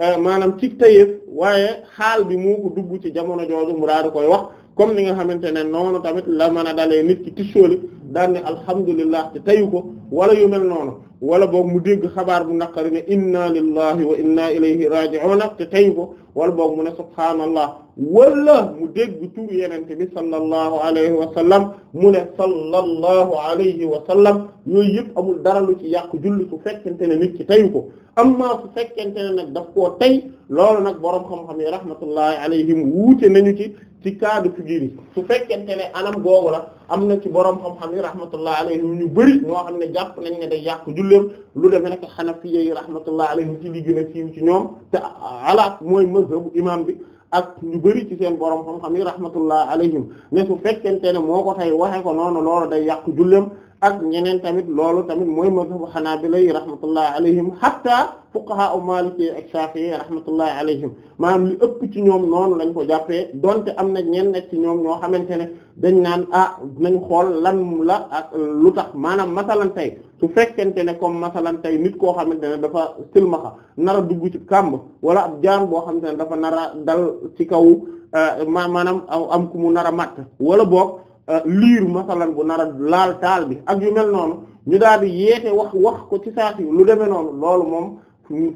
euh, maanaam ci tayeef waaye xaal bi mu ko dugg ci jamono jooju mu daal koy wax comme ni nga xamante ne noonu tamit la mën a dalee nit ki tisóoli daan ne alhamdulillah ci tayu ko wala yu mel noonu wala boog mu dégg xabaar bu naqari ne inna lillahi wa inna ilayhi raji'un te tey ko wala boog mu ne subhaanallah wala mu dégg tur yenente bi sallallahu alayhi wa sallam mu ne sallallahu alayhi wa sallam yooyu yëpp amul dara lu ci yàq julli su fekkente ne nit ci tey ko amma su fekkente ne nag daf koo tey loolu nag boroom xam-xam yi rahmatullahi alayhim wuute nañu ci ci cas de yi su fekkente ne anam googu la am na ci borom xam-xam yi rahmatullah alayhim ñu bëri ñoo xam ne jàpp nañ ne day yàq julleem lu demee nag xanafiya yi rahmatullah alayhim ci li gën a siiw ci ñoom te alaat mooy mazhabu imam bi ak ñu bëri ci seen borom xam-xam yi rahmatullah alayhim ne su fekkente ne moo ko tey waxe ko noonu loolu day yàqu julleem ak ñeneen tamit loolu tamit mooy moo xanaa xanaabila yi rahmatullahi alayhim hatta fuqaha u maliki ak shafi'i rahmatullahi alayhim maanaam li ëpp ci ñoom noonu lañ ko jàppee donte am na ñenn ci ñoom ñoo xamante ne dañ naan ah nañ xool lan la ak lu tax maanaam masalan tey fekkente ne comme masalan nit koo xamante ne dafa silmaxa nar a dugg ci kàmb wala ab jaan boo xamante ne dafa nar a dal ci kaw euh, maanaam am kumu mu nar a màtt wala boog Euh, liir masalan bu nara laal taal bi ak yu mel noonu ñu daal di yeete wax wax ko ci saasi lu demee noonu loolu moom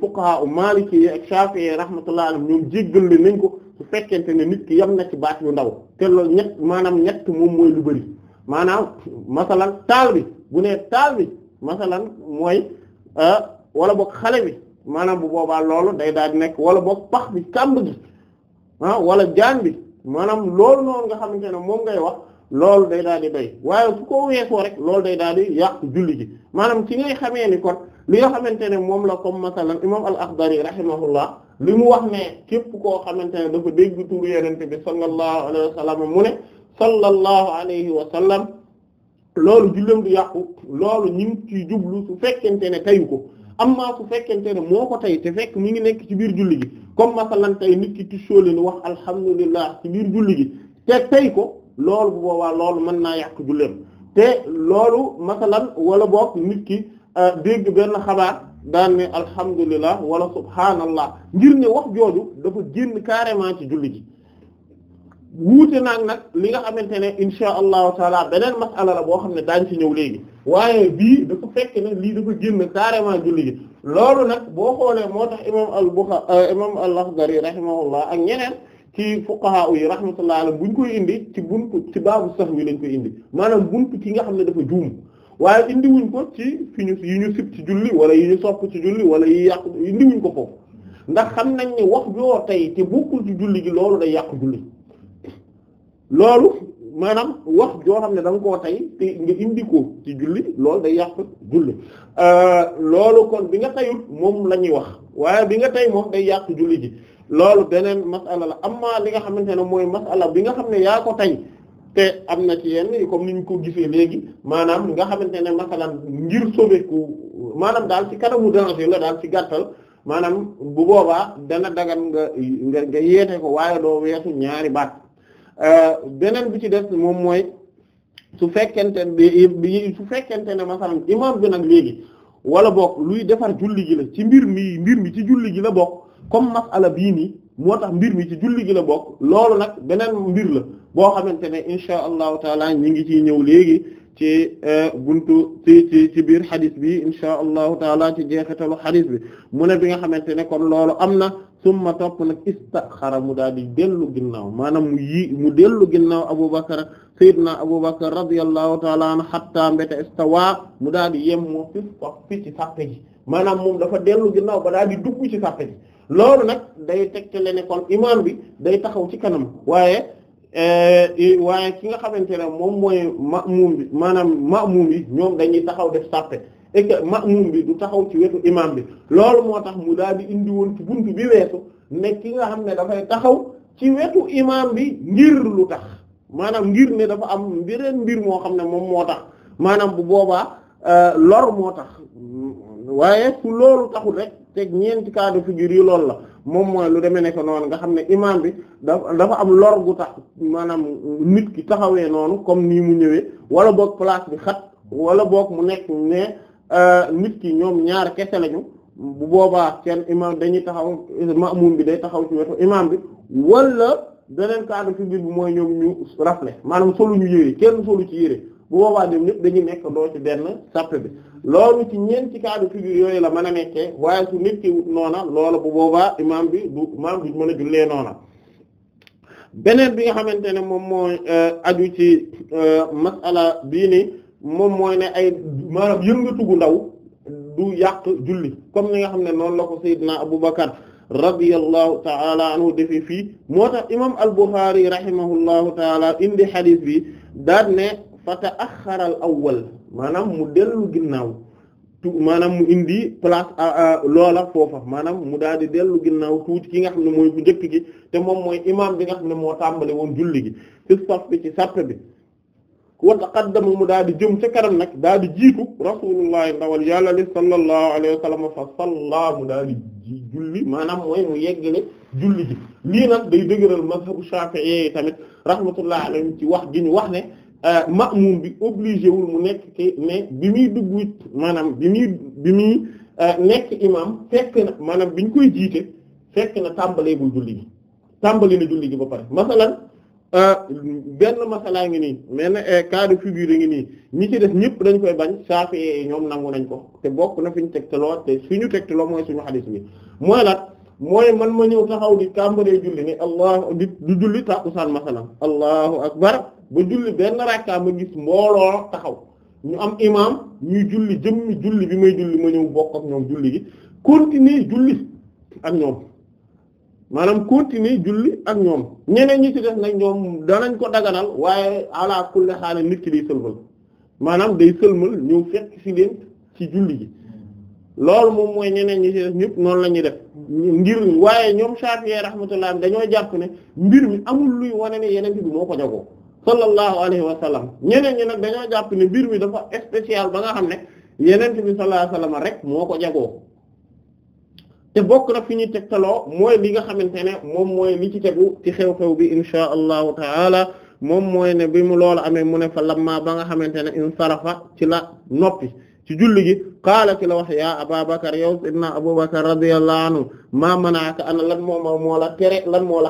fuqaha u Maliki yi ak Shafi'i rahmatullah alayhim ñoom jéggal nañ ko su fekkente ne nit ki yam na ci baat yu ndaw te loolu ñett maanaam ñett moom mooy lu bari maanaam masalan taal bi bu nee taal bi masalan mooy euh, wala boog xale bi maanaam bu boobaa loolu day daal di nekk wala boog pax bi kàmb gi ah wala jaan bi maanaam loolu noonu nga xamante ne moom ngay wax loolu day daal di doy waaye bu ko weesoo rek loolu day daal di yàq julli gi maanaam ci ngay xamee ni kon li nga xamante ne moom la comme masalan imam al-Akhdari rahimahullah li mu wax ne képp koo xamante ne dafa dégg turu yenente bi sallallahu alayhi wa sallam mu ne sallallahu alayhi wa sallam loolu jullam di yàqu loolu ñu ngi ci jublu su fekkente ne tayu ko amma su fekkente ne moo ko tey te fekk mu ngi nekk ci biir julli gi comme masalan tey nit ki tisóoli ni wax alhamdulillah ci julli gi te tey ko loolu bu boobaa loolu mën naa yàq julleem te loolu masalan wala boog nit ki euh, dégg benn xabaar daan ne alhamdulillah wala subhaanallah ngir ne wax jooju dafa génn carrément ci julli ji wuute naag nag li nga xamante ne insha allahu taala beneen masala la boo xam ne daañ ci ñëw léegi waaye bii dafa fekk ne lii dafa génn carrément julli gi loolu nag boo xoolee moo tax imam al Bukhari euh, imam al Akhdari rahimahullah ak ñeneen ci fuqaha yi rahmatullahi alayhi buñ koy indi ci buntu ci baabu sahwi lañ koy indi maanaam buntu ki nga xam ne dafa juum waaye indi wuñ ko ci fi ñu yi ci julli wala yi ñu sopp ci julli wala yi yàq indi wuñ ko foofu ndax xam nañ ne wax joo tey te bokkul ci julli gi loolu day yàq julli loolu maanaam wax joo xam ne da nga koo tey nga indi ko julli loolu day yàq julli euh, loolu kon bi nga teyul moom la ñuy wax waaye bi nga tey moom day yàq julli ji loolu beneen masala la amma li nga xamante ne mooy masala bi nga xam ne yaa ko tey te am na ci yenn comme ni ñu ko gisee léegi maanaam nga xamante ne masalan ngir sobeeku maanaam daal ci kanamu danger la daal ci gàttal maanaam bu boobaa dana dagan nga nga yeete ko waaye doo weesu ñaari baat euh, beneen bi ci def moom mooy su fekkente ne su fekkente ne masalan imaam bi nag léegi wala bokk luy defar julli gi la ci mbir mi mbir mi ci julli gi la bokk comme masala bii nii moo tax mbir mi ci julli gi la bokk loolu nag beneen mbir la boo xamante ne insha allahu taala ñi ngi ciy ñëw léegi ci euh, buntu ci ci biir xadis bi insha allahu taala ci jeexitalu xadis bi mu ne bi nga xamante ne kon loolu am na summa topp nag istaxara mu daal di dellu ginnaaw maanaam mu yi mu dellu ginnaaw Abubakar sayyidina Abubakar radiyallahu taala anhu hatta mbéta istawa mu daal di yem moo fi wax fi ci sàppe ji maanaam moom dafa dellu ginnaaw ba daal di dugg ci sàppe ji loolu nag day tegtale ne kon imaam bi day taxaw ci kanam waaye eh, waaye ki nga xamante ne moom mooy ma'muum bi maanaam ma'muum bi ñoom dañuy taxaw def sàppe et que ma'muum bi du taxaw ci wetu imaam bi loolu moo tax mu daal di indi woon ci buntu bi weesu ne ki nga xam ne dafay taxaw ci wetu imaam bi ngir lu tax maanaam ngir ne dafa am mbireen mbir moo xam ne moom moo tax maanaam bu boobaa eh, lor moo tax waaye fu loolu taxul rek teg ñeenti cas de yi loolu la moom mooy lu demee nekk noonu nga xam ne imaam bi dafa am lor gu tax maanaam nit ki taxawee noonu comme nii mu ñëwee wala boog place bi xat wala boog mu nekk ne euh, nit ki ñoom ñaar kese lañu bu boobaa seen imaam dañuy taxaw ma'muum bi day taxaw ci wetu imaam bi wala beneen cas de bi mooy ñoom ñu rafle maanaam solu ñu yére kenn solu ci yére bu boobaa ñoom ñëpp dañuy nekk doo ci benn sàppe bi. loolu ci ñeenti cas de figure yooyu la mën a nekkee waaye su nekkee wut noona loola bu boobaa imaam bi du imaam bi mën a jullee noona beneen bi nga xamante ne moom mooy euh, aju ci euh, masala bii ni moom mooy ne ay maanaam yëngatu ndaw du yàq julli comme ni nga xam ne noonu la ko Seydina Aboubacar radiyallahu taala anhu defee fii moo tax imam al-Bukhari rahimahullahu taala indi xadis bi daan ne fa ta'axxara al awwal maanaam mu dellu ginnaaw tu maanaam mu indi place loola foofa maanaam mu daal di dellu ginnaw tuuti ki nga xam ne mooy bu njëkk gi te moom mooy imaam bi nga xam ne moo tàmbali woon julli gi ci bi ci sàpp mu daal di jëm ca kanam nag daal di jiitu rasulullahi ndawal yàlla li sallallahu alayhi wa sallam fa salla mu daal di julli maanaam mooy mu yeggale julli gi lii nag day dëgëral mazhabu Shafi'i tamit rahmatullahi alayhi ci wax gi ñu wax ne Euh, ma'mum bi obligé wul mu nekk ki ne bi muy dugg maanaam bi muy bi muy euh, nekk imam fekk na maanaam bi ñu koy jiite fekk na tàmbalee bul julli gi tàmbali na julli gi ba pare masalan euh, benn masalaa ngi nii benn cas de figure ngi nii ñi ci def ñëpp dañ koy bañ Shafi'i ñoom nangu nañ ko te bokk na fi ñu tegtaloo te suñu tegtaloo mooy suñu xadis bi mooy la mooy man ma ñëw taxaw di tàmbalee julli ni allah di julli tàkkusaan masalan allahu akbar ba julli benn rakka ma gis mbooloo taxaw ñu am imam ñuy julli jëmmi julli bi may julli ma ñëw bokk ak ñoom julli gi continuer julli ak ñoom maanaam continuer julli ak ñoom ñeneen ñi ci def nag ñoom danañ ko daganal waaye ala kulli xaal nit ki day sëlmal maanaam day sëlmal ñëw fekk ci leen ci julli gi loolu moom mooy ñeneen ñi ci def ñëpp noonu la ñuy def ngir waaye ñoom Shafi'i rahmatullah dañoo jàpp ne mbir mi amul luy wane ne yeneen bi ko jagoo sallallahu alayhi wa sallam ñeneen ñi dañoo jàpp ne mbir mi dafa spécial ba nga xam ne yeneen bi sallallahu alayhi wa rek moo ko jagoo te bokk na fi ñuy taloo mooy li nga xamante ne moom mooy li ci tegu ci xew-xew bi insha allahu taala moom mooy ne bi mu loolu amee mu ne fa lamma ba nga xamante ne insarafa ci la noppi ci julli gi qaala ci la wax yaa ababakar yow sidna abubakar radiyallahu anhu maa manaaka ana lan moo ma tere lan moo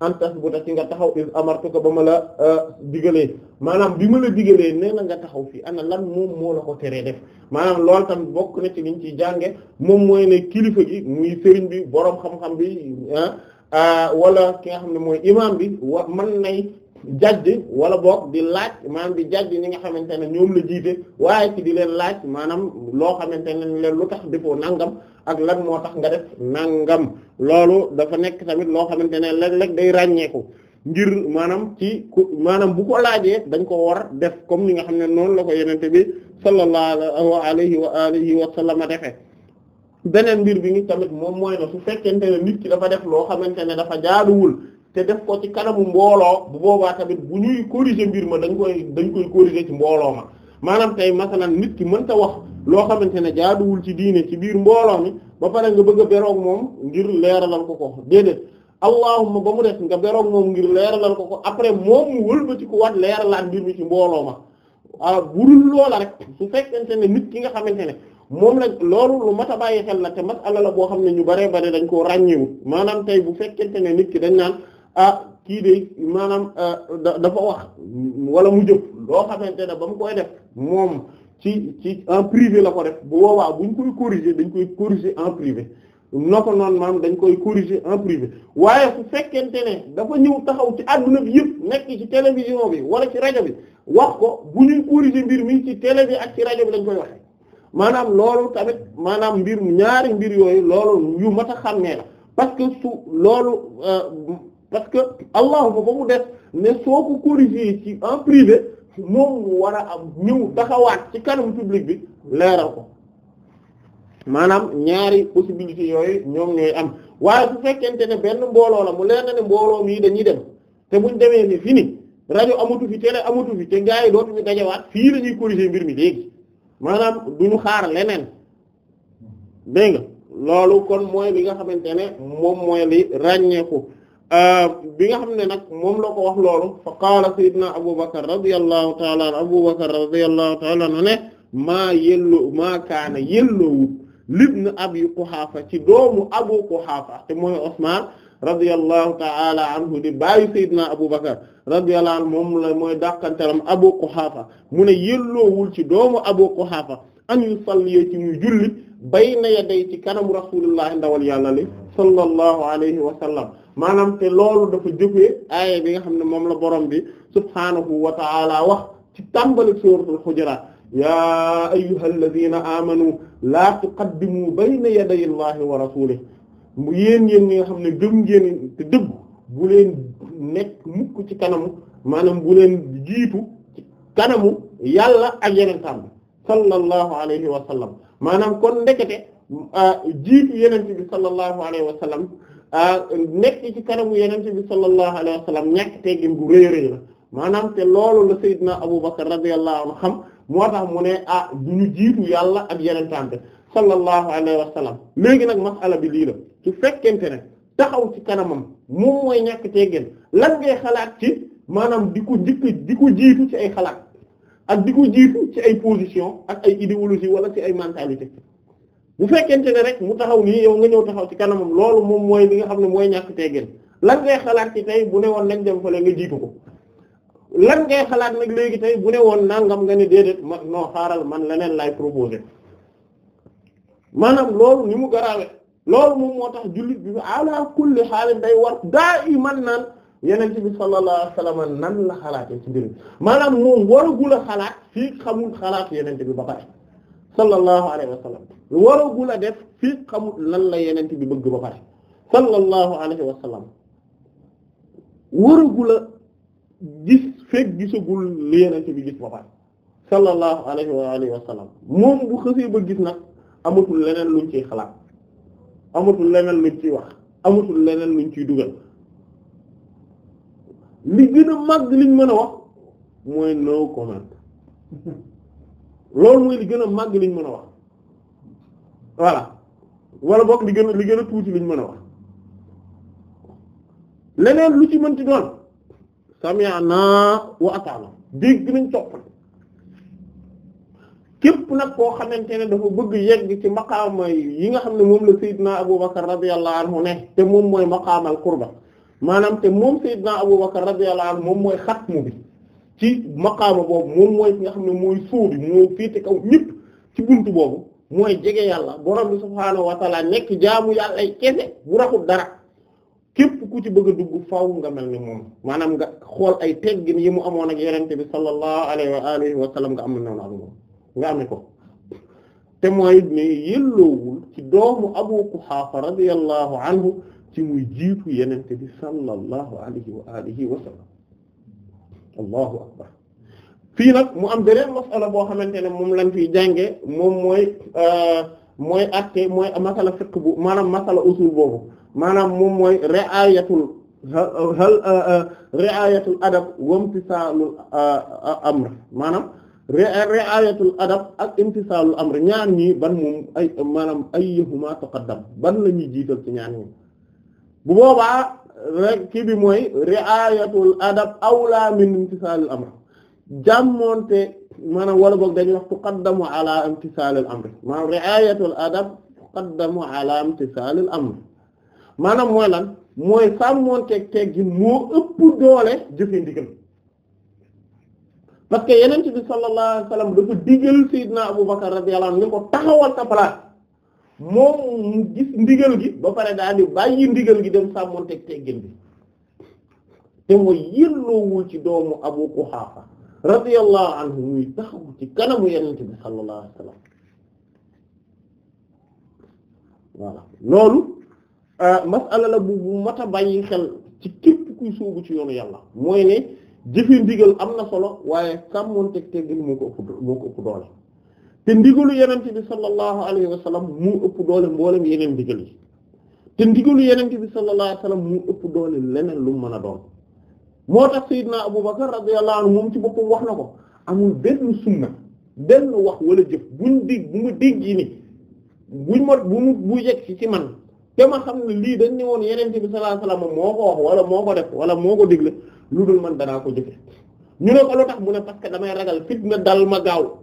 an tasbuta ci nga taxaw is amartuka ba ma la euh, digalee maanaam bi ma la digalee nee na nga taxaw fii ana lan moom moo la ko teree def maanaam lool tam bokk na ci liñ ciy jànge moom mooy ne kilifa gi muy sëriñ bi boroom xam-xam bi ah euh, wala ki nga xam ne mooy imaam bi wa mën nay jajj wala boog di laaj maanaam di jajj ni nga xamante ne ñoom la jiite waaye ci di leen laaj maanaam loo xamante ne leen lu tax defoo nangam ak lan moo tax nga def nangam loolu dafa nekk tamit loo xamante ne léeg-léeg day ràññeeku ngir maanaam ci maanaam bu ko laajee dañ ko war def comme ni nga xam ne noonu la ko yenente bi sallallahu alayhi wa alihi wa sallam defee beneen mbir bi ngi tamit moom mooy ne su ne nit ki dafa def loo xamante ne dafa jaaduwul te def ko ci kanamu mbooloo bu boobaa tamit bu ñuy corriger mbir ma dañ koy dañ koy corriger ci mbooloo ma maanaam tey masalan nit ki mënta wax loo xamante ne jaaduwul ci diine ci biir mbooloo mi ba pare nga bëgg a beroog moom ngir leeralal ko ko déedéet allahumma ba mu def nga beroog moom ngir leeralal ko ko après moom mu wëlbati ko waat leeralaat mbir mi ci mbooloo ma ah budul loola rek su fekkente ne nit ki nga xamante ne moom la loolu lu mat a bàyyi xel la te masala la boo xam ne ñu baree bari dañ koo ràññewu maanaam tey bu fekkente ne nit ki dañ naan. ah kii de maanaam ah, dafa wax wala mu jëf loo xamante ne ba mu koy def moom ci ci en privé la ko def bu boobaa buñ koy corriger dañ koy corriger en privé na ko noonu maanaam dañ koy corriger en privé waaye su fekkente ne dafa ñëw taxaw ci àdduna bi yëpp nekk ci télévision bi wala ci rajo bi wax ko bu ñuy corriger mbir mi ci télé bi ak ci rajo bi dañ koy waxe maanaam loolu tamit maanaam mbir ñaari mbir yooyu loolu yu mat a xàmmee la parce que loolu ah, parce que allahu ma ba mu def ne soo ko corriger ci en privé moom mu war a am ñëw taxawaat ci kanamu public bi leeral ko maanaam ñaari possibilités yooyu ñoom ñooy am waaye su fekkente ne benn mbooloo la mu leer na ne mbooloo mii dañuy dem te buñ demee ni fini rajo amatu fi télé amatu fi te gars yi dootuñu dajawaat fii la ñuy corriger mbir mi léegi maanaam duñu xaar leneen dégg nga loolu kon mooy li nga xamante ne moom mooy li ràññeeku. Euh, bi nga xam ne nag moom la ko wax loolu fa qaala sayyidina abubakar radiyallahu ta'ala anhu abubakar radiyallahu ta'ala anhu ne maa yelloo maa kaana yelloowu libn abi quhaafa ci doomu abu quhaafa te mooy Usmaan radiyallahu ta'ala anhu di baayu sayyidina abubakar radiyallahu anhu moom la mooy dàqantalam abu quhaafa mu ne ci doomu abu quhaafa an yusalli ci muy julli bayna yaday ci kanam rasulullah ndawal yàlla li sallallahu alayhi wa maanaam te loolu dafa jógee aaya bi nga xam ne moom la borom bi subhaanahu wa ta'ala wax ci tàmbali suuratul Hujurat yaa ayyuhalladhina amanu laa tuqaddimu bayna yaday Allahi wa rasulihi mu yéen yéen ñi nga xam ne gëm ngeen te dëgg bu leen nekk mukk ci kanamu maanaam bu leen jiitu ci kanamu yàlla ak yeneen tàmm sallallahu alayhi wa sallam maanaam kon ndekete ah, jiitu yeneen bi sallallahu alayhi wa sallam nekk ci kanamu Yonent bi sallallahu alayhi wa sallam ñàkk teggin bu rëy rëy la maanaam te loolu la Seydina Abu Bakr radiyallahu anhu xam moo tax mu ne ah du ñu jiitu yàlla ak yenentaan bi sallallahu alayhi wa sallam léegi nag masala bi lii la su fekkente ne taxaw ci kanamam moom mooy ñàkk teggin lan ngay xalaat ci maanaam di ko njëkk di ko jiitu ci ay xalaat ak di ko jiitu ci ay position ak ay idéologie wala ci ay mentalité bu fekkente ne rek mu taxaw nii yow nga ñëw taxaw ci kanamam loolu moom mooy li nga xam ne mooy ñàkk teggin lan ngay xalaat ci tey bu ne woon nañ dem fële nga jiitu ko ngay xalaat nag léegi tey bu ne woon nangam nga ne déedéet ma noo xaaral man leneen laay proposer maanaam loolu ni mu garaawe loolu moom moo tax jullit bi ala kulli xaalin day war daa man naan yeneen bi sallallahu alayhi wasallam nan la xalaatee ci mbir maanaam moom waragul a xalaat fii xamul xalaat yeneen bi ba pare. sallallahu alayhi wa sallam waragul def fii xamul lan la yenent bi bëgg ba pare sallallahu alayhi wa sallam waragul a gis fekk gisagul li yenent bi gis ba pare sallallahu alayhi wa moom bu xësee ba gis nag amatul leneen luñ ciy xalaat amatul leneen luñ ciy wax amatul leneen luñ ciy dugal li gën a màgg liñ mën a wax mooy no comment [LAUGHS] loolu mooy li gën a màgg lañ mën a wax voilà wala boog li gën a li gën a tuuti liñ mën a wax leneen lu ci mënti doon sami'na wa ata'na dégg nañ topp képp nag koo xamante ne dafa bëgg yegg ci maqaama yi nga xam ne moom la Seydina Abubakar radiyallahu anhu ne te moom mooy maqaamal qurba maanaam te moom Seydina Abubakar radiyallahu anhu moom mooy xatmu bi ci maqaama boobu moom mooy nga xam ne mooy sóobi moo féete kaw ñëpp ci buntu boobu mooy jege yàlla borom bi subhaanahu wa taala nekk jaamu yàlla ay kese bu raxul dara képp ku ci bëgg a dugg faaw nga mel ni moom maanaam nga xool ay teggin yi mu amoon ak yonent bi sallallahu alayhi wa alihi wa nga am na noonu ak moom nga amee ko te mooy ne yelloowul ci doomu Abu Quhaafa radiyallahu anhu ci jiitu yonent bi sallallahu alayhi allahu akbar fii nag mu am beneen masala boo xamante ne moom lañ fiy jànge moom mooy euh, mooy atte mooy masala fiqh bu maanaam masala usul boobu maanaam moom mooy ri'ayatul hal euh, euh, ri'ayatul adab wamtisaalul amr maanaam ri'ayatul adab ak imtisaalul amr ñaar ñii ban moom ay maanaam ayyuhuma taqaddam ban la ñuy jiital ci ñaar ñi bu boobaa rek kii bi mooy riayatul adab awla min imtisaalil amr jàmmoonte maanaam wala boog dañuy wax tuqaddamu ala imtisaalil amr maanaam riayatul adab tuqaddamu ala imtisaalil amr maanaam mooy lan mooy sàmmoonteeg teggi moo ëpp doole jëfe ndigal parce que yeneen bi sallallahu alayhi dafa digal sayyidina Abu Bakar radiyallahu anhu ni ko taxawal sa place moom mu gis ndigal gi ba pare daal di bàyyi ndigal gi dem sàmmonteg teggin bi te mooy yelloowul ci doomu Abu Quhafa radiyallahu anhu muy taxaw ci kanamu yenente bi sallallahu alayhi loolu euh, masala la bu bu mat a bàyyi xel ci képp kuy sóobu ci yoonu yàlla mooy ne jëfe ndigal am na solo waaye sàmmonteg teggin moo ko ëpp moo ko ëpp doole te ndigalu yenente bi sallallahu alayhi wa mu ëpp doole mboolem yeneen ndigal yi te ndigalu yenente bi sallallahu alayhi mu ëpp doole leneen lu mën a doon moo tax sayyidna Abu Bakar radiyallahu anhu moom ci boppam wax na ko amul benn sunna benn wax wala jëf buñ dig bu mu dig yi ni buñ ma bu mu bu yegg ci ci man te ma xam ne lii dañ ne woon yenente bi sallallahu alayhi moo ko wax wala moo ko def wala moo ko digle lu dul man danaa ko jëfe ñu ne ko lu tax mu ne parce damay ragal fitna dal ma gaaw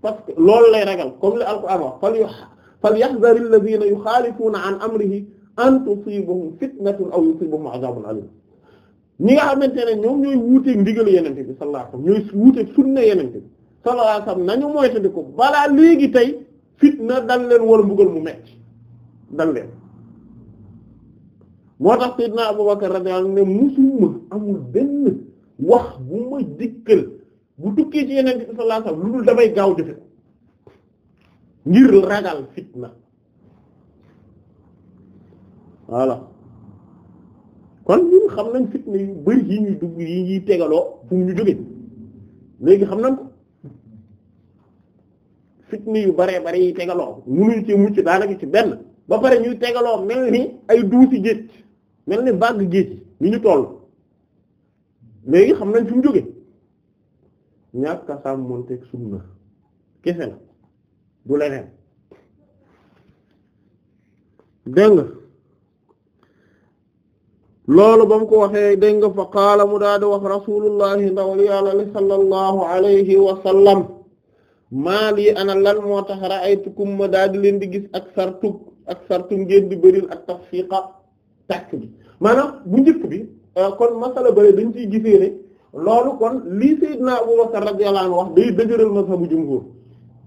parce que loolu lay ragal comme li alquran wax fal falyahzari alladhina yukhalifuna an amrihi an tusibahum fitnatun aw yusibahum azabun alim ñi nga xamante ne ñoom ñooy wuuteeg ndigalu yenente bi sallallahu alayhi wasallam ñooy wuuteeg sunna yenente bi sallallahu alayhi wasallam nañu moytandiku balaa léegi tey fitna dal leen wala mbugal mu metti dal leen moo tax sayyidna Abubakar radiyallahu anhu ne musuma amul benn wax bu ma dikkal bu tukkee ci yeneen bi sallallahu alayhi wasallam lu dul damay gaaw jëfe ngir ragal fitna voilà kon ñun xam nañ fitna yu bari yi ñuy dugg yi ñuy tegaloo fu ñu jóge léegi xam nañ ko fitna yu baree bari yi tegaloo munuñ ci mucc daanaka ci benn ba pare ñuy tegaloo mel ni ay duusi géej mel ni vague géej ni ñu toll léegi xam nañ fi mu jóge ñàkk a sàmmonteeg sunna kese la du leneen dégg loolu ba mu ko waxee dégg nga fa qaala mu daal di wax rasulullahi ndawal yàlla li sallallahu alayhi wa sallam maa lii ana lan moo tax ra'aytukum ma daal di leen di gis ak sartu ak sartu ngeen di bëril ak tafsiqa tàkk bi maanaam bu njëkk bi kon masala bëri dañ ciy gisee ne loolu kon lii Seydina Abu Bakr radiyallahu anhu wax day dëgëral mazhabu jumhur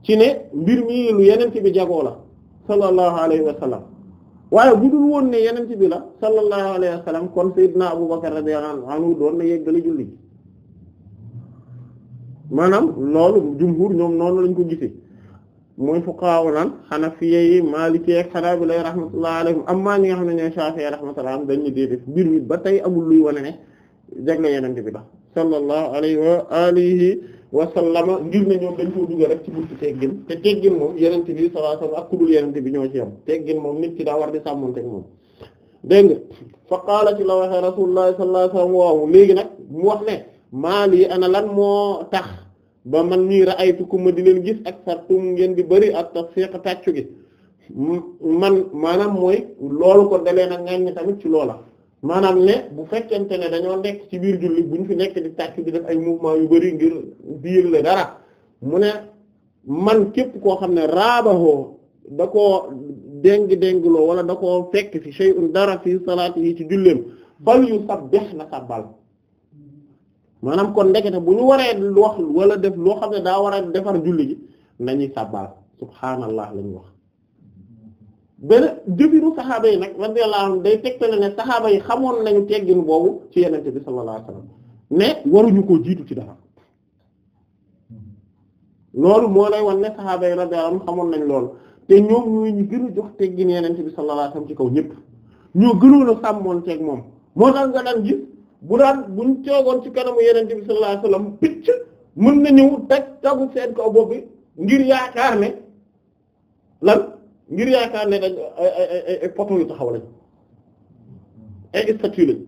ci ne mbir mi lu yeneen bi jagoo la sallallahu alayhi wa waaye bu dul woon ne yeneen bi la sallallahu alayhi wa sallam kon Seydina Abu Bakr radiyallahu anhu doon na yeggali julli maanaam loolu jumhur ñoom noonu lañ ko gisee mooy fuqahaa naan Hanafiyya yi Maalikiyya ak Hanaabila rahmatullahi am maa ñi nga xam ne ñooy Shaafi'i rahmatullahi alayhim dañ ñu déedéet mbir mi ba tey abul luy wane ne jagle sallallahu alayhi wa alihi wa sallama ngir ne ñoom dañ koo dugal rek ci buntu teggin te teggin moom yenente bi sallallahu alayhi wa ak ku dul bi ñoo ci am teggin moom nit ci daa war di sàmmonteeg moom dégg nga fa qaala ci la waxee rasulullah sallallahu alayhi waaw léegi nag mu wax ne maa lii ana lan moo tax ba man mii ra'aytukum ma di leen gis ak sartum ngeen di bëri ak tasfiq tàccu gi man maanaam mooy loolu ko dalee na ngañ tamit ci loola maanaam ne bu fekkente ne dañoo nekk ci biir julli buñ fi nekk di tàcc di def ay mouvement yu bari ngir biir la dara mu ne man képp koo xam ne raabahoo da koo déng-déngloo wala da koo fekk fi shay'un dara fi salaat yi ci julleem bal yu sabbih na sabbal maanaam kon ndekete bu ñu waree lu wax wala def loo xam ne daa war a defar julli gi nañuy sabbal subhaanallah la ñu wax beneen jëfinu saxaaba yi nag radiyallahu anhum day tegtale ne saxaaba yi xamoon nañu tegginu boobu ci yenente bi sallallahu alayhi wasallam ne waruñu koo jiitu ci dara loolu moo lay wan ne saxaaba yi radiyallahu am xamoon nañu loolu te ñoom ñooy ñu gën a jox teggin yenente bi sallallahu alayhi ci kaw ñëpp ñoo gënoon a sàmmoon teeg moom moo tax nga daan gis bu daan buñ toogoon ci kanamu yenente bi sallallahu alayhi picc mën na ñëw tagu seen kaw boobu ngir yaakaar ne lan ngir yaakaar ne dañ ay ay poto yu taxaw lañ ay statue lañ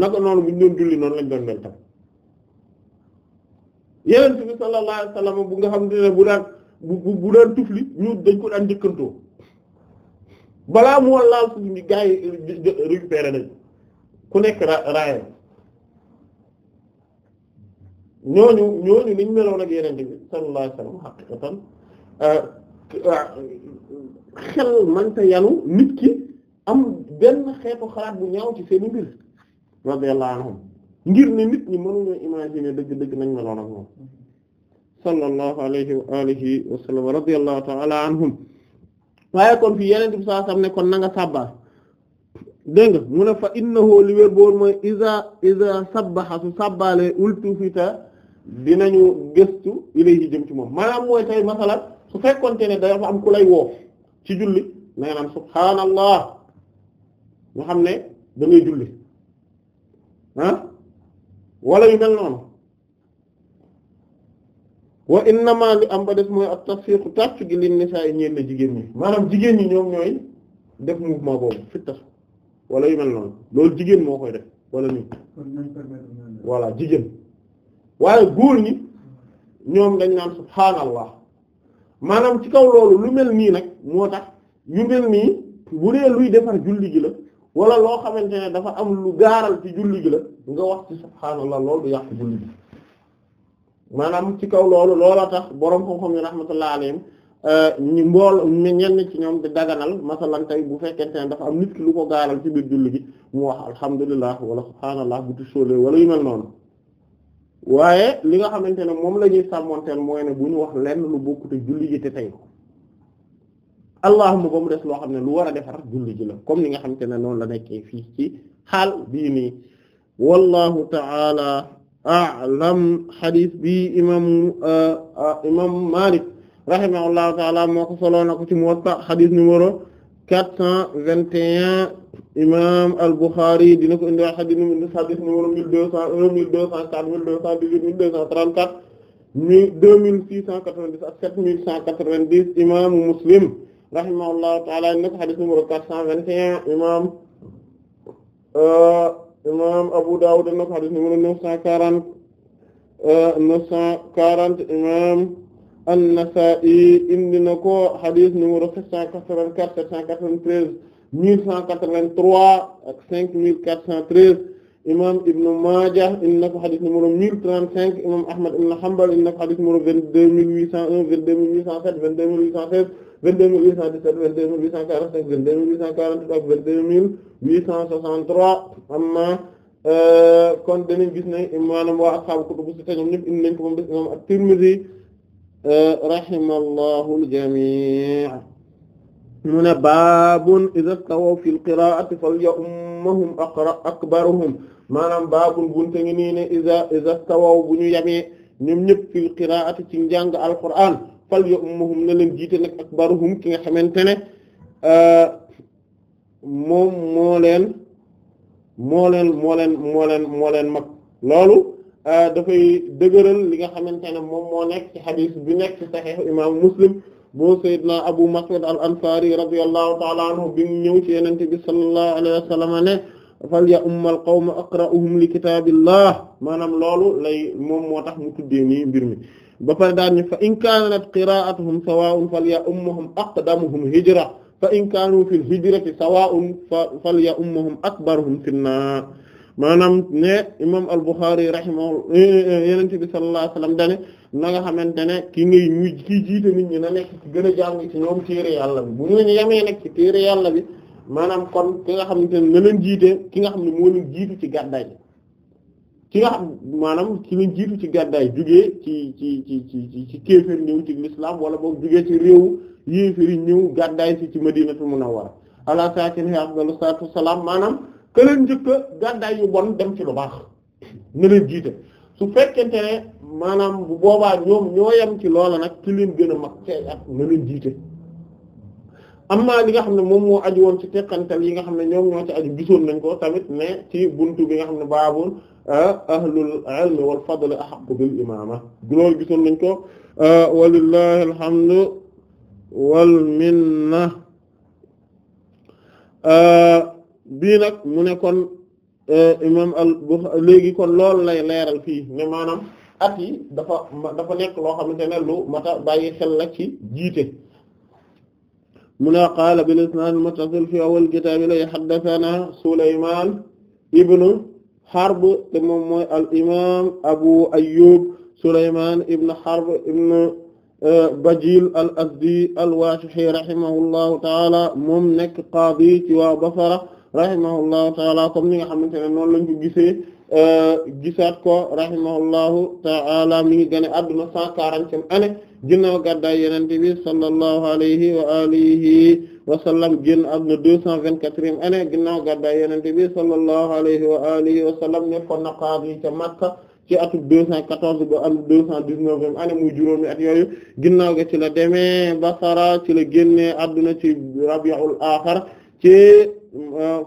naka noonu bu ñu doon julli noonu lañ doon mel yeneen bi sallallahu alayhi wasallam bu nga xam ne bu daan bu bu tufli ñu dañ ko daan njëkkantoo balaa mu war laal suñu gaa yi récupéré nañ ku nekk raaya ñooñu ñooñu niñ meloon ak yeneen bi sallallahu alayhi haqiqatan xel mënta yanu nit ki am benn xeetu xalaat bu ñaaw ci seen mbir radiyallahu anhum ngir ne nit ñi mënuñoo imaginer dëgg dëgg nañ meloon ak moom sallallahu alayhi wa waaye kon fi yeneen bi saa sam ne kon na nga sàbbal dégg nga mu ne fa innahu li wér boor mooy iza iza sabbaha su sàbbalee ultufita dinañu gëstu ilayhi jëm ci moom maanaam mooy tey masalan su fekkonte ne dafa am ku lay woo ci julli na nga naan subhaanallah nga xam ne da ngay julli ah wala yu mel noonu wa innama li am ba des mooy ak tasfiiqu tàcc gi lin nisaa ñeen na jigéen ñi maanaam jigéen ñi ñoom ñooy def mouvement boobu fit tas wala yu mel noonu loolu jigéen moo koy def wala nii voilà jigéen waaye góor ñi ñoom dañ naan subhaanallah maanaam ci kaw loolu lu mel nii nag moo tax yu mel nii bu dee luy defar julli gi la wala loo xamante ne dafa am lu gaaral ci julli gi la nga wax ci subhaanallah loolu du yàq julli gi maanaam ci kaw loolu loola tax boroom xam-xam yi rahmatullah alayhim ñu euh, mbool ñenn ci ñoom di daganal masalan tey bu fekkente ne dafa am nit ki lu ko gaaral ci biir julli gi mu wax alhamdulillah wala subhaanallah bu tussoolee wala yu mel noonu waaye li nga xamante ne moom la ñuy sàmmonteel mooy ne bu ñu wax lenn lu bokkute julli ji te tey ko allahuma ba mu loo xam ne lu war a defar julli ji la comme li nga xamante ne noonu la nekkee fii ci xaal bii nii wallahu taala a'lam xadis bi imam uh, uh, imam Malik rahimahullahu taala moo ko soloona ko ci Muwatta xadis numéro quatre cent vingt et un imam al-Bukhari dina ko indi hadith numéro mille deux cent un mille deux cent quatre mille deux cent dix-huit mille deux cent trente-quatre mille deux mille six cent quatre-vingt-dix ak sept mille cent quatre-vingt-dix imaamu Muslim rahimahullahu ta'ala dina ko hadith numéro quatre cent vingt un imam euh, imam Abu Dawud dina ko hadith numéro neuf cent quarante euh, neuf cent quarante imam an-Nasa'i indi na ko xadis numéro 784 793 1183 ak 5413 imam Ibn Maaja indi na ko xadis numéro 1035 imam Ahmad ibn Hanbal indi na ko xadis numéro 22801 22807 22816 22817 22845 22848 ak 22863 amma euh, kon dañu gis ne maanaam waa ashaabu kutubu sitta ñoom ñëpp indi nañ ko moom des imam at-Tirmidhi rahimallahu al-jamii mu ne baabun idha istawaw fil qiraa'ati falyu'ammahum aqra akbaruhum maanaam baabun bunte ngi nii ne idha idha istawaw bu ñu yamee ñoom ñëpp fil qiraa'ati ci njàng alqur'aan falyu'ammahum na leen jiite nag akbaruhum ki nga xamante ne euh, moom moo leen moo loolu Euh, dafay dëgëral li nga xamante ne moom moo nekk ci xadis bi nekk ci imam muslim bu sayyidina abu mas'ud al ansari radiyallahu ta'ala anhu bi mu ñëw bi sallallahu alayhi wa sallam ne fal ya ummal aqra'uhum li kitaabillah maanaam loolu lay moom moo tax mu tuddee nii mbir mi ba pare daan ñu fa in kaanat qira'atuhum sawaa'un fal ya ummuhum aqdamuhum hijra fa in maanaam ne imam al-Bukhari rahimahu eh, eh, yonent bi sallallahu alayhi wasallam dane na nga xamante ne ki ngay ñu kii jiite nit ñi na nekk ci gën a jàng ci ñoom téere yàlla bi bu ñu leen yemee nekk ci téere yàlla bi maanaam kon ki nga xam ne na leen jiite ki nga xam ne moo leen jiitu ci gàddaay ki nga xam maanaam ki leen jiitu ci gàddaay jugee ci ci ci ci ci kéeféer ñëw ci l'islam wala boog jugee ci réew yéeféer ñëw gàddaay si ci Madinatul Munawwara ala a afdalu salaatu wa salaam maanaam que leen njëkk a yu bon dem ci lu baax nga leen jiite su fekkente ne maanaam bu boobaa ñoom ñoo yem ci loola nag ci leen gën a mag ci at nga leen jiite amma li nga xam ne moom moo aju woon ci tekkantal yi nga xam ne ñoom ñoo ci aju gisoon nañ ko tamit ne ci buntu bi nga xam ne baabul ah, ahlul ilmi wal fadl ahqqu bil imaama loolu gisoon nañ ko ah, walillahi alhamdu bii nag mu ne kon euh, imam al Bukhari kon loolu lay leeral fii ne maanaam at yi dafa dafa nekk loo xamante ne lu mata bàyyi xel la ci jiite mu ne qaala bil isnad al muttasil fi awal kitaab lay haddathana Sulaymaan ibnu Harb te moom mooy al imam Abu Ayyub Sulaymaan ibnu Harb ibnu euh, Bajil al Azdi al Washihi rahimahullahu taala moom nekk qaadi ci waa Basra rahimahullahu taala comme ni nga xamante ne noonu lañ ko gisee euh, gisaat ko rahimahullahu taala mi ngi gane adduna cent quarantième année ginnaaw gàddaay yonent bi sallallahu alayhi wa alihi wa sallam génn adduna deux cent vingt-quatrième année ginnaaw gàddaay yonent bi sallallahu alayhi wa alihi wa sallam nekkoon na qaadi ca Makka ci atum deux cent quatorze ba am deux cent at yooyu ginnaaw ga ci la deme Basra ci la génnee adduna ci Rabiul Axir ci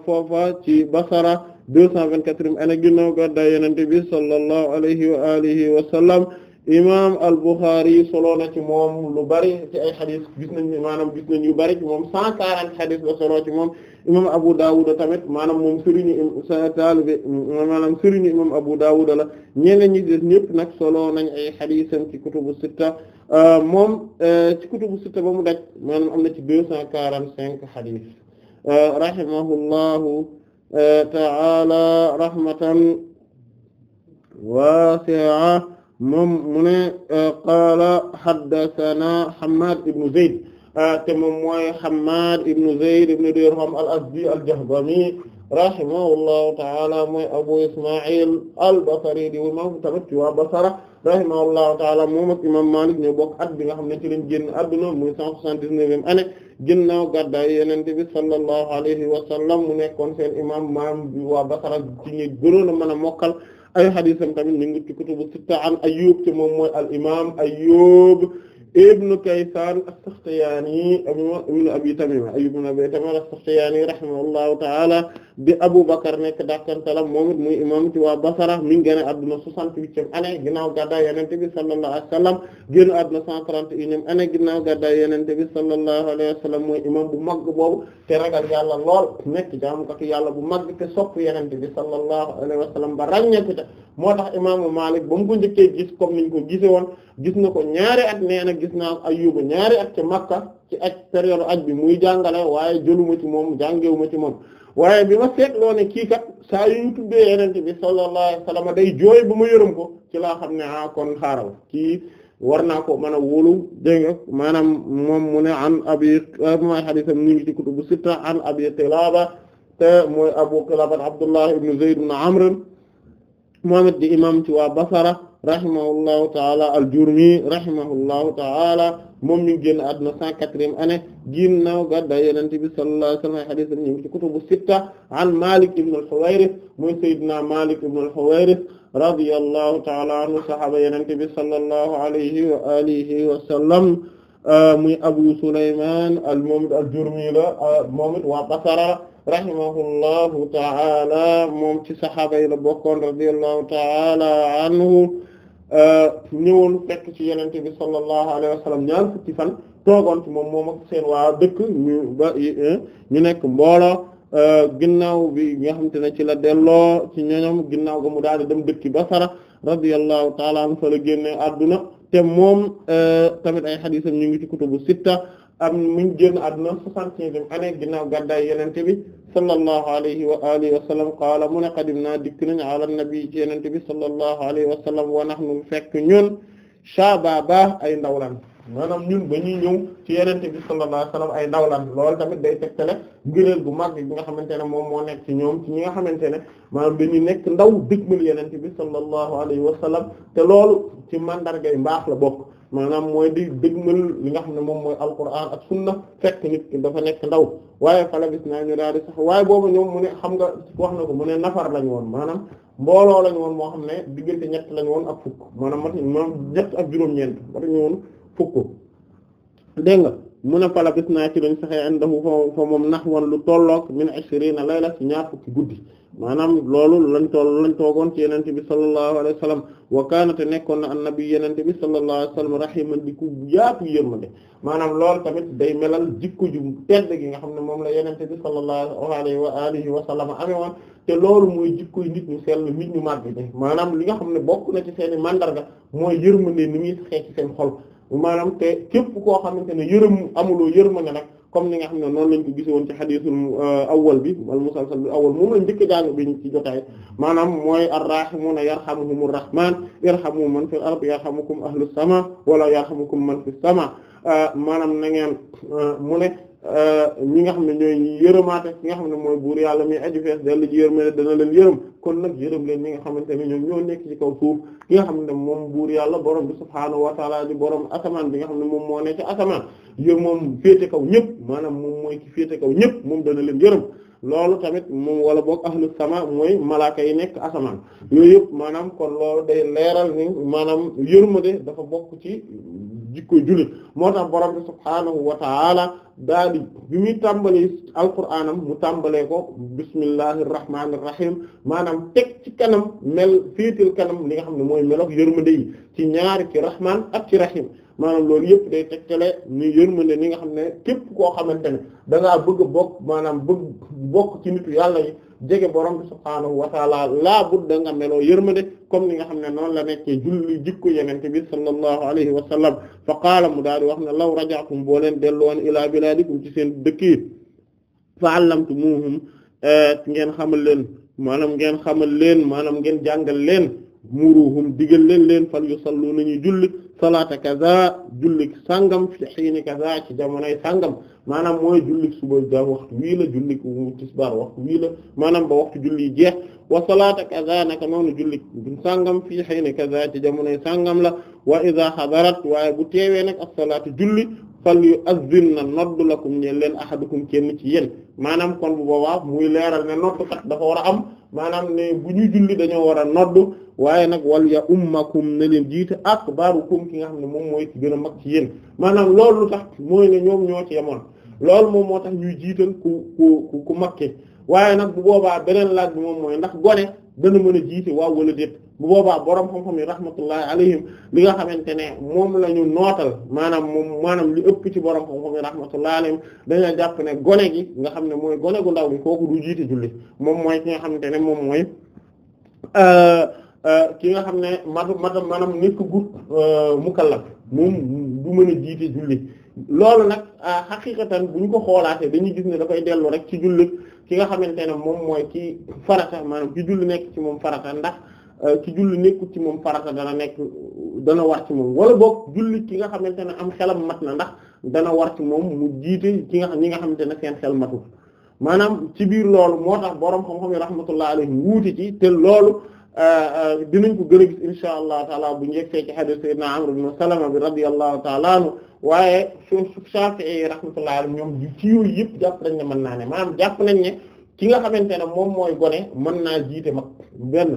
foofa ci Basara deux cent vingt-quatrième année ginnaaw gàddaay Yonent bi sallallahu alayhi wa alihi wa sallam imam al-Bukhari solo na ci moom lu bari ci ay xadis gis nañ maanaam gis nañ yu bari ci moom cent quarante xadis la solo ci moom imam Abu Dawud tamit maanaam moom sëriñu taalibe maanaam sëriñu imam Abu Dawud la ñeneen ñi des ñëpp nag solo nañ ay xadisam ci kutubu sitta moom ci kutubu sitta ba mu daj maanaam am na ci deux cent quarante-cinq xadis rahimahullahu eh, ta'ala rahmatan wasi'a moom mu ne eh, qaala haddathana Hammad ibn Zayd eh, te moom mooy Hammad ibn Zayd ibn Dirham al-Azdi al-Jahbami rahimahullahu ta'ala mooy Abu Isma'il al-Basri di moom tamit ci waa Basra rahimahullahu ta'ala moom ak imam Malik ñoo bokk at bi nga xam ne ci lañ génn adduna muy 179e année ginnaaw gàddaay yonent bi sallallahu alayhi wa sallam mu nekkoon seen imam maam bi waa Basra ci ñi gënoon a mën a mokkal ay xadiisam tamit ñu ngi ci kutubu sitta an Ayyub te moom mooy al imam Ayyub ibnu Kaysaan as-Saxtiyaani ibnu Abi Tamiima Ayyub ibnu Abi Tamiima as-Saxtiyaani rahimahullahu ta'ala di Abu Bakar nekk dàkkantalam moom it muy imam ci waa Basra mi ngi génn àdduna soixante-huitième année ginnaaw gàddaay Yonent bi sallallahu alayhi wa sallam génn àdduna cent trente-et-unième année ginnaaw gàddaay Yonent bi sallallahu alayhi wa sallam mooy imam bu mag boobu te ragal yàlla lool nekk jaamukatu yàlla bu mag te sopp Yonent bi sallallahu alayhi wa sallam ba ràññeeku ca moo tax imaamu Maalik ba mu ko njëkkee gis comme niñ ko gise woon gis na ko ñaari at nee na gis naa Ayyuba ñaari at ca Makka ci aj période aj bi muy jàngale waaye jëluma ci moom jàngewuma ci moom waaye bi ma seetloo ne kii kat saa yu ñu tuddee yenente day jooy bu ma yërëm ko ci laa xam ne ah kon xaaral kii war naa ko mën a wóolu dégg nga maanaam moom mu ne an abi mooy sitta an abi qilaaba mooy abu qilaaba abdullah ibn zayd ibn amr moom di imam ci waa basara rahimahullahu taala al jurmi rahimahullahu taala moom mi ngi génn àdduna cent quatrième année ginnaaw gàddaay yonent bi sallallahu alayhi wa sallam hadith ñu ngi ci kutubu sitta an Malik ibn al-Huwayrith mooy Seydina Malik ibn al-Huwayrith radiyallahu ta'ala anhu sahaaba yonent bi sallallahu alayhi wa alihi wa sallam euh, muy Abu Sulayman al-Mumit al-Jurmi la euh, moomit waa Basra rahimahullahu ta'ala moom ci sahaaba yi la bokkoon radiyallahu ta'ala anhu Euh, ñëwoon fekk ci yenente bi sallallahu alayhi wa sallam fukki fan toogoon ci moom moom ak seen waa dëkk ñu nekk mbooloo euh, ginnaaw bi nga xamante ne ci la delloo ci ñoñom ginnaaw ga mu daal di dem dëkki Basra radiyallahu ta'ala anhu fa la génne adduna te moom euh, tamit ay xadiisam ñu ngi ci kutubu sitta am mu ngi génn àdduna soixante-quinzième année ginnaaw gàddaay yenente bi sallallahu alayhi wa alihi wa sallam qaala mu ne qadimna dikk nañ ala nabi ci yenente bi sallallahu alayhi wa sallam wa nahnu fekk ñun shababa ay ndawlan maanaam ñun ba ñuy ñëw ci yenente bi sallallahu alayhi wa sallam ay ndawlan loolu tamit day tegtale ngëneel gu mag bi nga xamante ne moom moo nekk ci ñoom ci ñi nga xamante ne maanaam ñu nekk ndaw dëgmal yenente bi sallallahu alayhi wa sallam te loolu ci mandargay mbaax la bokk maanaam mooy di dëgmal li nga xam ne moom mooy alquran ak sunna fekk nit ki dafa nekk ndaw waaye fala gis naa ñu daal di sax waaye boobu ñoom mu ne xam nga wax na ko mu ne nafar lañ woon maanaam mbooloo lañ woon moo xam ne diggante ñett lañ woon ak fukk maanaam mat maanaam ñett ak juróom-ñeent mat ñu woon fukk dégg nga mu ne fala gis naa ci lañ saxee indahu fa moom nax woon lu tolloog min ashrina layla ci ñaar fukki guddi maanaam loolu lañ toll lañ toogoon ci yenente bi sallallahu alayhi wa sallam wa kaanate nekkoon na an nabi yenente bi sallallahu alayhi wa sallam rahiman di ku yaatu yërmande maanaam loolu tamit day melal jikko ju tedd gi nga xam ne moom la yenente bi sallallahu alayhi wa alihi wa sallam amee woon te loolu mooy jikko nit ñu sell nit ñu màgg ne maanaam li nga xam ne bokk na ci seeni mandarga mooy yërmande ni muy xeex ci seen xol maanaam te képp koo xamante ne yërëm amuloo yërmande nag comme ni nga xam ne noonu lañ ko gise woon ci xadiisul euh, awwal bi al musalsal bi awwal moom lañ njëkk jàng bi ci jotaay maanaam mooy arrahimuuna yarhamuhumur rahmaan irhamu man fil ard yarhamukum ahlus sama wala yarhamukum man fis sama euh, maanaam na ngeen euh, mu ne Euh, ñi nga xam ne ñooy ñi yërëmaate ki nga xam ne mooy buur yàlla mi aju fees dellu ji yërmande dana leen yërëm kon nag yërëm leen ñi nga xamante ne ñoom ñoo nekk ci kaw suuf xam ne moom buur yàlla borom bi subhaanahu wa taala borom asamaan bi nga xam ne moom moo nekk ci asamaan moom féete kaw ñëpp maanaam moom mooy ci féete kaw ñëpp moom dana leen yërëm loolu tamit moom wala boog ahlu sama mooy malaaka yi nekk asamaan yooyu yëpp maanaam kon loolu day leeral ni maanaam yërmande dafa bokk ci jikkoy jullit moo tax borom bi subhaanahu wa taala daal di bi muy tàmbali alquraanam mu tàmbalee ko bismillahi irrahmani irrahim maanaam teg ci kanam mel féetal kanam li nga xam ne mooy melok yërmande yi ci ñaari ci rahman ak ci rahim maanaam loolu yëpp day tegtale ni yërmande ni nga xam ne képp koo xamante ne da bëgg a bokk maanaam bëgg bokk ci nitu yàlla yi jege borom bi subhaanahu wa taala laa budda nga meloo yërmande comme ni nga xam ne noonu la nekkee julli jikko yenente bi sallallahu alayhi wa sallam fa qaala mu daal di wax ne law raja'tum boo leen delloon ilaa bilaadikum ci seen dëkk yi fa allamtumuhum eh, ngeen xamal leen maanaam ngeen xamal leen maanaam ngeen jàngal leen muruhum digal len leen fal yu sallu nañu julli salaata kaza julli sangam fi xiini kaza ci jamonoy sangam maanaam mooy julli suba waxtu wii la julli tisbaar waxtu wii la maanaam ba waxtu julli jeex wa salaata kaza naka noonu julli sangam fi xiini kaza ci jamonoy sangam la wa iza hadarat waaye bu teewee nag as-salaatu julli fal yu azzin na noddu lakum ñeen leen ahadukum kenn ci yéen maanaam kon bu boobaa muy leeral ne tax dafa war a am maanaam ne bu ñuy julli dañoo war a noddu waaye nag wal ya ummakum ne leen jiite akbarukum ki nga xam ne moom mooy ci gën a mag ci yéen maanaam loolu lu tax mooy ne ñoom ñoo ci yemoon loolu moom moo tax ñuy jiital ku ku ku mag ki waaye nag bu boobaa beneen laaj bi moom mooy ndax gone dana mën a jiite waaw wala déet bu boobaa borom xam-xam yi rahmatullahi alayhim li nga xamante ne moom la ñu nootal maanaam moom maanaam li ëpp ci borom xam-xam yi rahmatullahi alayhim dañoo jàpp ne gone gi nga xam ne mooy gone gu ndaw gi kooku du jiite julli moom mooy ki nga xamante ne moom mooy euh, euh, ki nga xam ne matu mata maanaam nit ku gut euh, mukallaf moom du jiite julli loolu nag xaqiqatan bu ko xoolaatee dañuy gis ne da koy dellu rek ci julli ki nga xamante ne moom mooy ci farata maanaam ci julli nekk ci moom farata ndax Euh, ci julli nekkul ci moom farata dana nekk dana war ci moom wala boog julli ki nga xamante ne am xelam mat na ndax dana war ci moom mu jiite ki nga xam ñi nga xamante ne seen xel matul maanaam ci biir loolu moo tax boroom xam-xam yi rahmatullah alayhi wuute ci te loolu euh, euh, dinañ ko gën a gis insha allah taala bu njëkkee ci hadith sayyidina Amr ibn Salama bi radiyallahu taala anhu waaye su Shafi'i rahmatullah alayhi ñoom ci yooyu yëpp jàpp nañ ne mën naa ne maanaam jàpp nañ ne ci nga xamante ne moom mooy gone mën naa jiite mag benn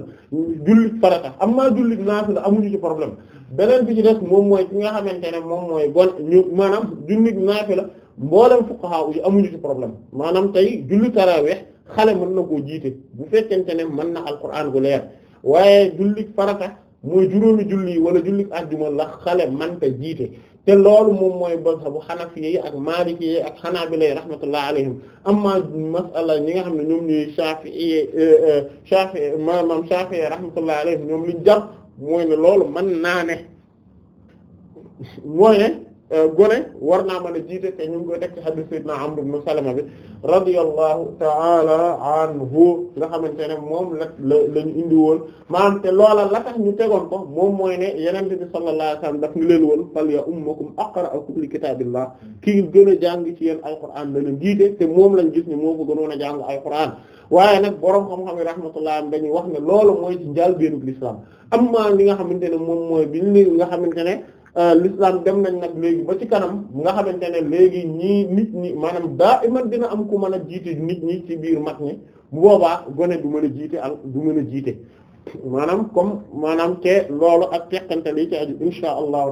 jullit farata am naa jullit naafila amuñu ci problème beneen bi ci des moom mooy ki nga xamante ne moom mooy gone ñu maanaam jullit naafila mboolem fuqaha yi amuñu ci problème maanaam tey julli taraweex xale mën na koo jiite bu fekkente ne mën na alquran gu leer waaye jullit farata mooy juróomi julli wala jullit àjjuma la xale manta jiite te loolu moom mooy mazhabu xanafi yi ak maliki yi ak xanaabila yi rahmatullah alayhim amma masala ñi nga xam ne ñoom ñuy shafi'i eh, eh, shafi'i maanaam shafi'i rahmatullah alayhim ñoom liñ jàpp mooy ne loolu mën naa ne mooy ne Euh, gone war naa mën a jiite te ñu ngi koy teg ci hadith sayyidina Amr ibn Salama bi radiyallahu ta'ala anhu nga xamante ne moom la la la indi woon maanaam te loola la ñu tegoon ko moom mooy ne yonent bi sallallahu alayhi wasallam daf ñu leen woon fal ya ummakum aqra'akum li kitaabillah kii gën a jàng ci yéen alquran dana jiite te moom lañ gis ni moo ko gënoon a jàng alquran waaye nag borom xam-xam yi rahmatullah am dañuy wax ne loolu mooy ci njàlbéenu l'islam amma li nga xamante ne moom mooy bi ñu nga xamante ne. Euh, l'islam dem nañ nag léegi ba ci kanam nga xamante ne léegi ñii nit ñi maanaam daa iman dina am ku mën a jiite nit ñi ci biir mag ñi mu boobaa gone du man a jiite ak du mën a jiite maanaam comme maanaam te loolu ak teqante li ci aju insha allahu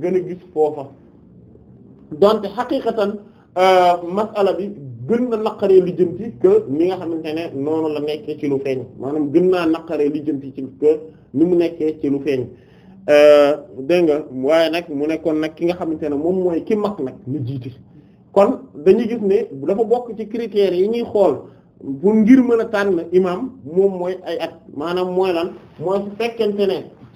gën a gis foofa donte xaqiqatan euh, masala bi gën na naqaree lijjanti que ni nga xamante ne noonu la nekkee ci lu maanaam gën naa naqaree lijjanti ci ni mu nekkee ci lu feeñ Euh, dégg nga waaye nag mu nekkoon nag ki nga xamante ne moom mooy ki mag nag ñu jiite kon dañuy gis ne dafa bokk ci critères yi ñuy xool bu ngir mën a tànn imaam moom mooy ay at maanaam mooy lan mooy su fekkente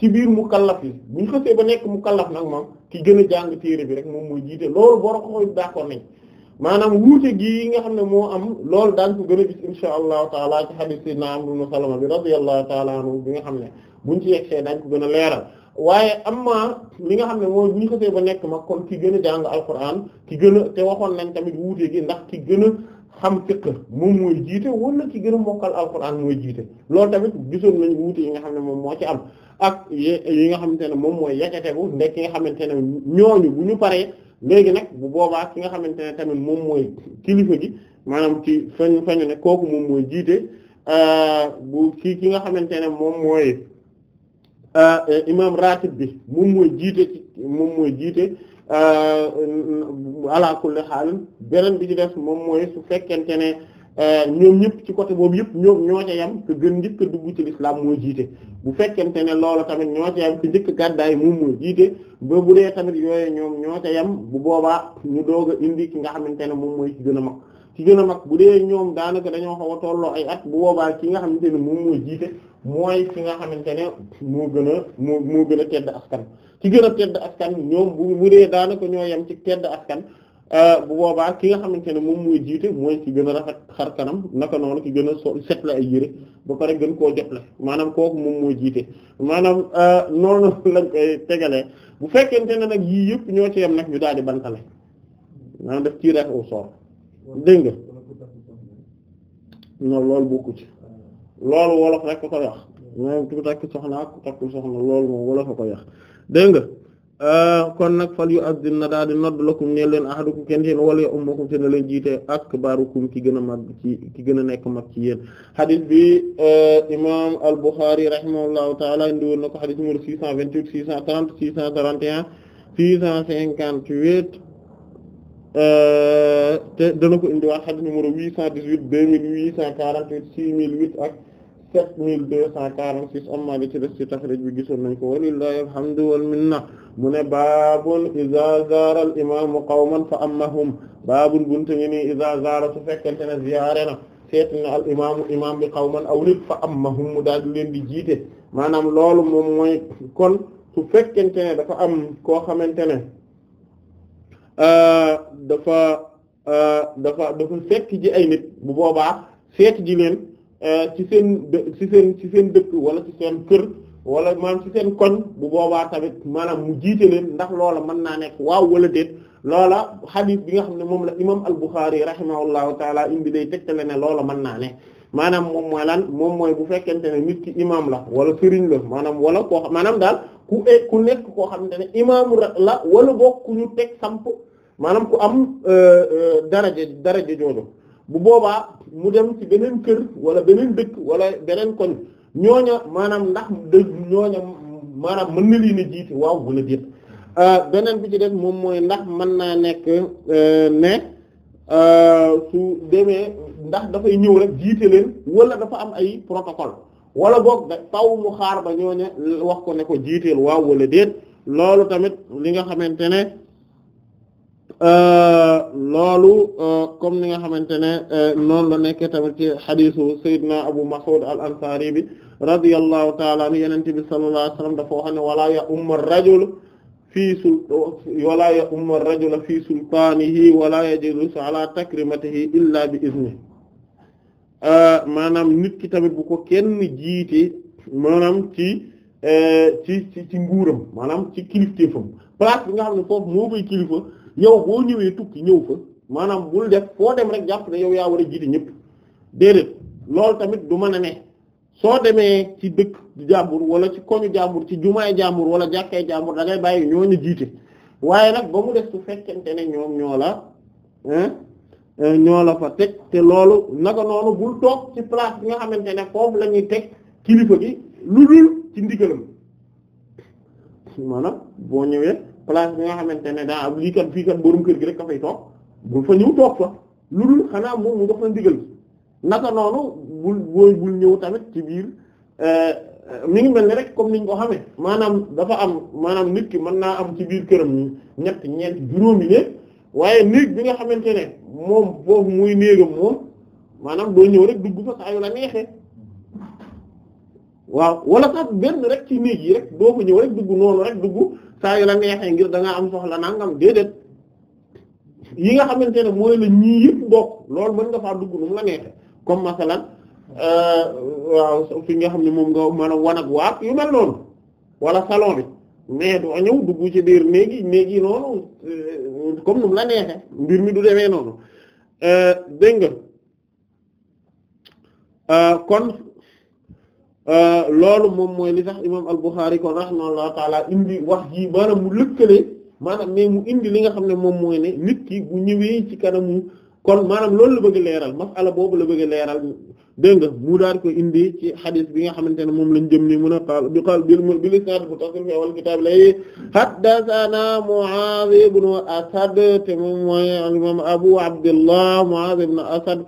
ci biir mukallaf yi bu ñu xësee ba nekk mukallaf nag moom ki gën a jàng téere bi rek moom mooy jiite loolu boro koxoy d'accord nañ maanaam wuute gii nga xam ne moo am loolu daan ko gën a gis insha allahu taala ci hadith sayyidina Amr ibn Salama bi radiyallahu taala anhu bi nga xam ne buñ ci yegsee daañ ko gën a leeral waaye am ma li nga xam ne mooy bu ñu xasee ba nekk kon ki gën a jàng alquran ki gën a te waxoon nañ tamit wuute gi ndax ki gën xam fiqh moom mooy jiite wala ki gën a mokkal alquran mooy jiite loolu tamit gisoon nañ wuute yi nga xam ne moom moo ci am ak yi nga xamante ne moom mooy yacategu ndek nga xamante ne ñooñu bu ñu paree léegi nag bu boobaa ki nga xamante ne tamit moom mooy kilifa gi maanaam ci fañ fañu ne kooku moom mooy jiite euh, bu kii ki nga xamante ne moom mooy Euh, euh, imam ratib bi moom mooy jiite ci moom mooy jiite euh, ala kulli xaal beneen bi ci def moom mooy su fekkente ne ñoom ñëpp ci côté boobu yëpp ñoom ñoo ca yam gën njëkk dugg ci lislaam mooy jiite bu fekkente ne loolu tamit ñoo ca yam ke njëkk gàddaay moom ba bu dee tamit yooyu ñoo ca yam bu boobaa ñu doog a indi ki nga xamante ne moom mooy ci gën a mag ci gën a mag bu dee ñoom daanaka dañoo xaw a tolloo ay at bu boobaa ki nga xamante ne moom mooy jiite mooy ki nga xamante ne moo gën a moo moo gën a tedd askan ci gën a tedd askan ñoom bu bu dee daanaka ñoo yem ci tedd askan euh, bu boobaa ki nga xamante ne moom mooy jiite mooy ci gën a rafet xar kanam naka noonu ki gën a so set ay yére ba pare gën koo jot maanaam kooku moom mooy jiite maanaam euh, noonu [LAUGHS] lañ koy tegalee bu fekkente ne nag yii yëpp ñoo ci yem nag ñu daal di bantale maanaam def tirage au sort dégg nga non loolu bokku ci. loolu wolof rek ko koy wax moom takk soxna ak ku takkul soxna loolu moom wolof a koy wax euh, kon nag fal yu addin na daal di nodd lakum ne leen ahadukum kenn yéen wala yo ummakum te na leen jiite akbarukum ki gën a mag ci ki gën a nekk mag ci yéen xadis bi euh, imam al-Bukhari rahimahullahu taala indi woon na ko xadis numéro 628 630 631 658 te dana ko indiwaat xadis numéro 818 2848 6008 ak set 7246 amma li ci des ci taxrij bi gisoon nañ ko walillahi alhamdu wal minna mu ne baabun iza zaara al qawman fa ammahum baabun bunte ngi nii iza zaara su fekkente ne ziyaare na seet na al imaamu imaam bi qawman aw nit fa ammahum mu daal di jiite maanaam loolu moom mooy kon su fekkente ne dafa am koo xamante ne euh, dafa euh, dafa dafa fekk ay nit bu boobaa seet ji leen Euh, ci seen ci seen ci seen dëkk wala ci seen kër wala maanaam ci seen koñ bu boobaa tamit maanaam mu jiite leen ndax loola mën naa nekk waaw wala déet loola xadiis bi nga xam ne moom la imam al-Bukhari rahimahullahu taala indi day tegtale ne loola mën naa ne maanaam moom mooy lan moom mooy bu fekkente ne nit ki imam la wala sëriñ la maanaam wala koo xam maanaam daal ku e, ku nekk koo xamante ne imam la wala bokk ku ñu teg samp maanaam ku am euh, euh, daraja daraja jooju bu boobaa mu dem ci beneen kër wala beneen dëkk wala beneen koñ ñooña maanaam ndax dë ñooña maanaam mën na lii a jiite waaw wala déet hmm. euh, beneen bi ci def moom mooy ndax mën naa nekk euh, ne euh, su demee ndax dafay ñëw rek jiite leen wala dafa am ay protocole wala boog da taw mu xaar ba ñooña wax ko ne ko jiiteel waaw wala déet loolu tamit li nga xamante ne Euh, loolu euh, comme ni nga xamante ne euh, noonu la nekkee tamit ci xadiisu Seydina Abu Mas'ud al-Ansari bi radiyallahu ta'ala anhu Yonent bi sallallahu alayhi ya umma rajul fii sul wala ya umma rajul fii sultaanihi wala yajlisu ala takrimatihi illa bi iznihi maanaam nit ki tamit bu ko kenn jiite maanaam ci ci ci ci nguuram maanaam ci kilifteefam place nga xam ne foofu moo kilifa. yow boo ñëwee tukki ñëw fa maanaam bul def foo dem rek jàpp ne yow yaa war a jiite ñëpp déedéet loolu tamit du mën a ne soo demee ci dëkk jàmbur wala ci koñu jàmbur ci jumaay jàmbur wala jàkkee jàmbur da ngay bàyyi ñooñu jiite waaye nag ba mu def su fekkente ne ñoom ñoo la euh, ñoo la fa teg te loolu naga noonu bul toog ci place bi nga xamante ne foofu lañuy teg kilifa gi lu dul ci ndigalam maanaam boo ñëwee. place bi nga xamante ne daa lii kat fii kat borom kër gi rek ka fay toog bul fa ñëw toog fa lu dul xanaa moom mu jox la ndigal naka noonu bul booy bul ñëw tamit ci biir euh, mu ngi mel ni rek comme niñ ko xamee maanaam dafa am maanaam nit ki mën naa am ci biir këram ñett ñeent juróomi ne waaye néeg bi nga xamante ne moom foofu muy néegam moom maanaam doo ñëw rek dugg fa saa na la neexee waaw wala sax benn rek ci néeg yi rek doo ko ñëw rek dugg noonu rek dugg saa yu la neexee ngir da am soxla nangam déedéet yi nga xamante ne mooy bokk loolu mën nga dugg nu comme masalan euh, waaw fi nga xam ne moom nga mën a wan ak waat wala salon bi mais doo ñëw dugg ci biir néeg euh, comme nu mu mbir mi du demee noonu euh, dégg nga kon. Euh, loolu moom mooy li tax imam al-Bukhari kon rahimahullahu taala indi wax ji maanaam mu lëkkale maanaam mais mu indi li nga xam ne moom mooy ne nit ki bu ñëwee ci kanamu kon maanaam loolu la bëgg leeral masala boobu la bëgg leeral dégg nga mu daal ko indi ci xadis bi nga xamante ne moom lañ jëm ni mun a qaal bi qaal bil bil isnaad muttasil fi awal kitaab lay haddathana Mu'aaz ibn Asad te moom mooy ibn Asad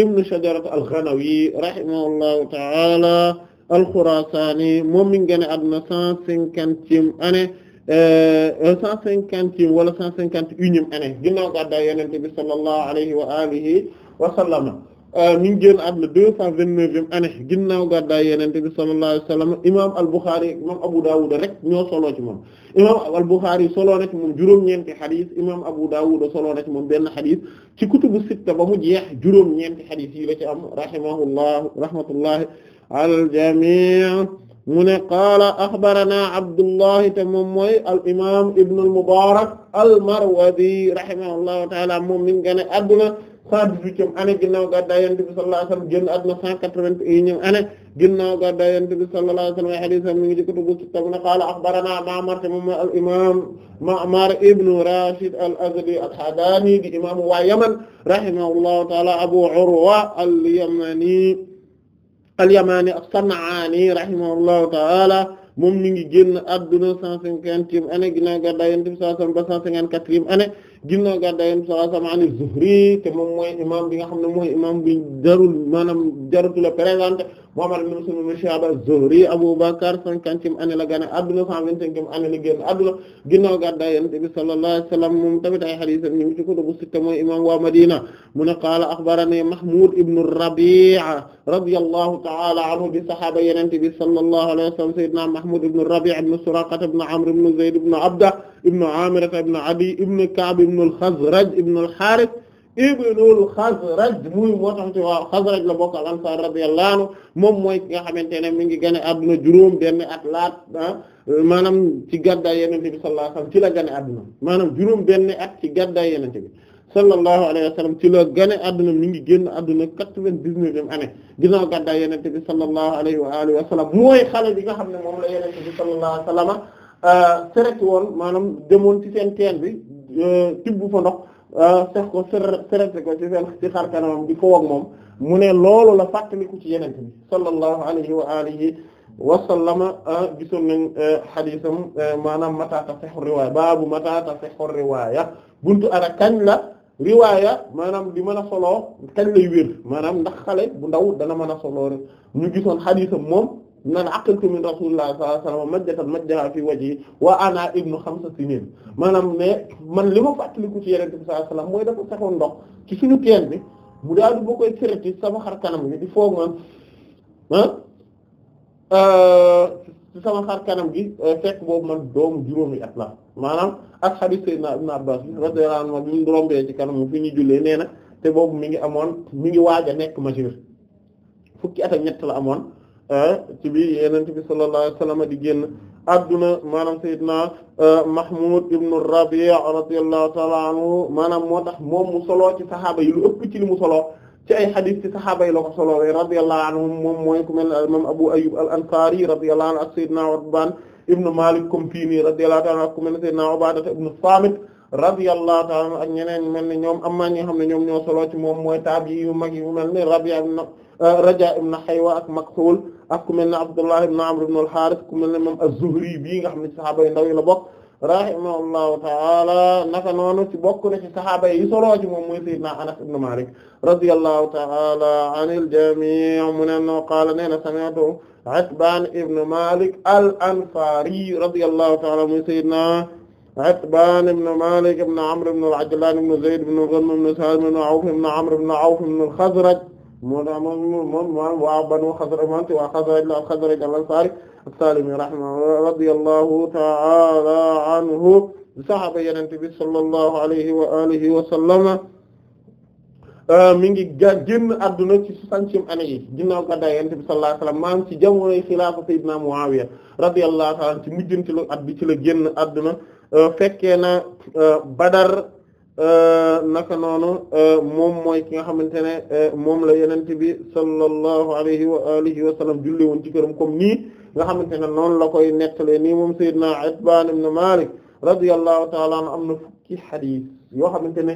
ibn Shajarat al-Ghanawi rahimahullahu taala al-Khurasani moom mi ngi génn àdduna cent cinquantième année euh, cent cinquantième wala cent cinquante et unième année ginnaaw gàddaay Yonent bi sallallahu alayhi wa alihi wa sallam euh, mi ngi génn àdduna deux cent vingt-neuvième ane ginnaaw gàddaay Yonent bi sallallahu alayhi wa sallam imaam al-Bukhari imaam Abu Dawud rek ñoo solo ci moom imaam al-Bukhari solo na ci moom juróom-ñeenti xadis imaam Abu Dawud solo na ci moom benn xadis ci kutubu sitta ba mu jeex juróom-ñeenti xadis yi la ci am rahimahullah rahmatullahi alal jamii mu ne qaala axbarana Abdullahi te moom mooy al imaam Ibn al-Mubarak al-Marwazi rahimahullahu ta'ala moom mi ngi gane adduna cent dix-huitième année ginnaaw gàddaay Yonent bi sallallahu alayhi wa sallam génn adduna cent quatre-vingt-unième année ginnaaw gàddaay Yonent bi sallallahu alayhi wa sallam ay hadiisam mi ngi ci kutubu sitta mu ne qaala axbarana Ma'mar te moom mooy al imaam Ma'mar ibn Rashid al-Azdi al-Hadani di imaamu waa Yaman rahimahullahu ta'ala Abu Urwa al-Yamani al-Yamani as-San'ani rahimahullahu ta'ala moom mi ngi génn adduna cent cinquantième année ginnaaw gàddaay Yonent bi sallallahu alayhi wasallam ba cent cinquante-quatrième année ginnaaw gàddaay Yonent bi sallallahu alayhi wasallam te moom mooy imam bi nga xam ne mooy imam bi jarul maanaam jarutu la présenté Muhammad ibn Muslim ibn Shihab az-Zuhri Abu Bakr cinquantième année la gane adduna cent vingt-cinquième année la génn adduna ginnaaw gàddaay Yonent bi sallallahu alayhi wa sallam moom tamit ay hadiis ñu ngi ci kutubu sitta mooy imam waa Madina mu ne qaala axbarani Mahmud ibn Rabi' radiyallahu ta'ala anhu bi sahaaba Yonent bi sallallahu alayhi wa sallam sayyidina Mahmud ibn Rabi' ibn Suraqa ibn Amr ibn Zayd ibn Abda ibn Amir ibn Adi ibn Ka'b ibn al-Khazraj ibn al-Harith ibnul Xazraj muy moo tax ci waaw Xazraj la bokk al ansaar radiyallahu anhu moom mooy ki nga xamante ne mi ngi gane adduna juróom benn at laat ah, maanaam ci gàddaay Yonent bi sallallahu alayhi wasallam ci la gane adduna maanaam juróom benn at ci gàddaay Yonent bi sallallahu alayhi wasallam ci la gane adduna mi ngi génn adduna quatre-vingt-dix-neuvième année ginnaaw gàddaay Yonent bi sallallahu alayhi wa alihi wasallam mooy xale bi nga xam ne moom la Yonent bi sallallahu alayhi wasallam sereti ah, woon maanaam demoon ci seen teen bi euh, tibb fa ndox sax euh, ko serete ko ci seen ci xar kanamam di ko ak moom mu ne looloo la fàttaliku ci yenente bi sallallahu alayhi wa alihi wa sallama euh, gisoon nañ euh, xadiisam maanaam mata tasihhu riwaaya baabu mata tasihhu riwaaya buntu ara kañ la riwaaya maanaam di man a soloo kañ lay wér maanaam ndax xale bu ndaw dana mën a soloo ñu gisoon xadiisam moom naan aqaltu min rasulillahi sallallahu alayhi wasallam majjatan majjaha fi wajhi wa ana ibnu xamsa sinin maanaam ne man li ma fàttaliku ci yenente bi sallallahu alayhi wasallam mooy dafa saxoon ndox ci suñu teen bi mu daal di boo koy sereti sama xar kanam gi di foog man ah ci sama xar kanam gi fekk boobu man doomu juróomi at la maanaam ak hadith sayyidina ibnu abbas radiyallahu anhu bi mu rombee ci kanam fi ñu jullee nee na te boobu mi ngi amoon mi ngi waaj a nekk majeur fukki at ak ñett la amoon Ah, ci bi yenente bi sallallahu alayhi wa sallam di génn adduna maanaam sayyidina ah, mahmoud ibnu rabi' radiyallahu ta'ala anhu maanaam moo tax moo mu solo ci sahaaba yi lu ci li mu solo ci ay xadis ci sahaaba yi la ko solowee radiyallahu anhum moom mooy ku mel ne al imam abu ayyub al ansari radiyallahu anhu ak sayyidina utbaan ibnu malik comme fii nii radiyallahu ta'ala anhu ku mel ne sayyidina ubaadata ibnu saamit radiyallahu ta'ala ak ñeneen mel ne ñoom am na ñi xam ne ñoom ñoo solo ci moom mooy taab yi yu mag yi mel ne rabi' Euh, Raja ibn Haywa ak Maktul ak ku mel ne Abdullah ibn Amr ibn al-Harith ku mel ne moom az-Zuhri bii nga xam ne ci saxaaba yu ndaw yi la bokk rahimahullahu taala naka noonu ci bokk na ci saxaaba yi soloo ci moom mooy sayyidina Anas ibn Malik radiyallahu taala anil jami' mu ne no qaala nee na sami'tu Itbaan ibn Malik al-Ansaari radiyallahu taala mooy sayyidina Itbaan ibn Malik ibn Amr ibn al-Ajlaan ibn Zayd ibn Ghanm ibn Salim ibn Awf ibn Amr ibn Awf ibn al-Khazraj moo tax moom moom moom waa Banu Xasraj al-Ansaari as-Saalimi rahimahu radiyallahu ta'ala anhu saxaaba Yonent bi sallallahu alayhi wa alihi wa sallama ah, mi ngi ga génn adduna ci soixantième année yi ginnaaw gàddaay Yonent bi sallallahu alayhi maam ci jamonoy xilaafa Sayyidina Muawiya radiyallahu ta'ala ci mujjantilu at bi ci la génn adduna ah, fekkee ah, Badar Euh, naka noonu euh, moom mooy ki nga xamante ne euh, moom la yenente bi sallallahu alayhi wa alihi wa sallam julli woon ci këram comme nii nga xamante ne noonu la koy nettalee nii moom Seydina Itbaan ibn Maalik radiyallahu ta'ala anhu am na fukki xadis yoo xamante ne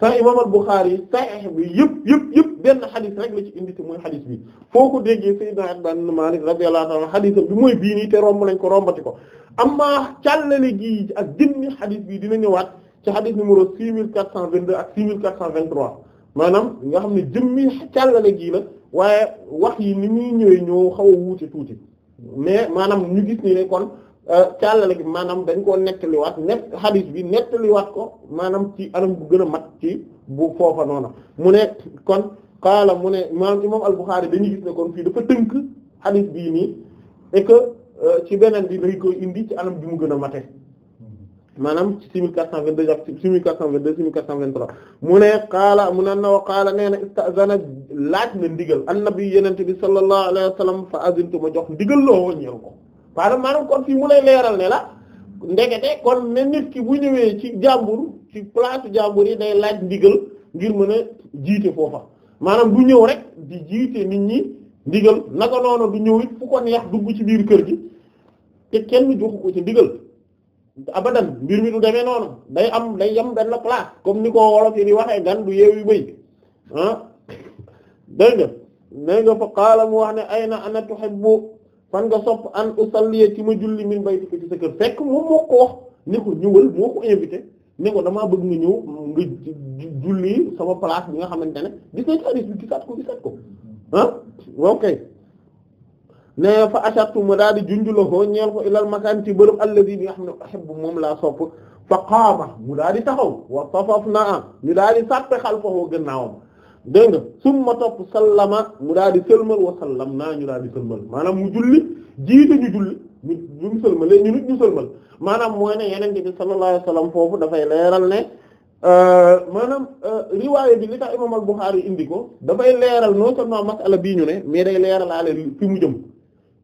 sa imam al-Bukhari yi sahih bi yëpp yëpp yëpp benn xadis rek la ci indi te mooy xadis bi foo ko déggee Seydina Itbaan ibn Maalik radiyallahu ta'ala anhu xadisam bi mooy bii ni te romb lañ ko rombati ko amma càllale gi ak jëmmi xadis bi dina ñëwaat ci xadis numéro 6422 ak 6423 maanaam nga xam ne jëmmi càllale gii la waaye wax yi ni muy ñëwee ñëw xaw a wuute tuuti mais maanaam ñu gis ni ne kon euh, càllale gi maanaam dañ koo nettaliwaat net xadis bi nettaliwaat ko maanaam ci anam bu gën a mat ci bu foofa noona mu ne kon kaala mu ne maanaam moom al-Bukhari dañuy gis ne kon fii dafa tënk xadis bii nii et que euh, ci beneen bi day koy indi ci anam bi mu gën a mate maanaam ci 6422 ak 6422 6423 mu ne qaala mu ne na wa qaala nee na istazana laaj na ndigal annabi yenente bi sallallahu alayhi wa sallam fa azintu ma jox ndigal loo ñeel ko maanaam maanaam kon fii mu lay leeral ne la ndekete kon ne nit ki bu ñëwee ci jàmbur ci place jàmbur yi day laaj ndigal ngir mën a jiite foofa maanaam du ñëw rek di jiite nit ñi ndigal naka noonu du ñëw it fu ko neex dugg ci biir kër gi te kenn joxu ko ci ndigal abadan mbir mi du demee noonu day am day yem benn place comme ni ko wolof yi di waxee gan du yeewu bëy ah dégg nga dégg nga fa qaala mu wax ne ayna ana tuhibbu fan nga sopp an usalli ci ma julli min baytika ci sa kër fekk moom moo ko wax ni ko ñëwal moo ko invité ni ko damaa bëgg nga ñëw nga julli sama place bi nga xamante ne di nañ ko hadith bi ko gisaat ko ah? ne fa achartu ma daal di junjulahoo ñeel ko ilal makaan ci bërëb alladi bi nga xam ne uhibbu moom laa sopp fa qaama mu daal di taxaw wa safafnaa ñu daal di sàppe xalfahu gannaawam dégg nga summa topp sallama mu daal di sëlmal wa sallam naa ñu daal di sëlmal maanaam mu julli jiite ñu julli ñu ñu sëlmal léegi ñu nit ñu sëlmal maanaam mooy ne yeneen bi sallallahu alayhi wasallam foofu dafay leeral ne euh, maanaam euh, riwaayé bi li tax imam al-Bukhari indi ko dafay leeral noo seulement masala bii ñu ne mais day leeralaale fi mu jëm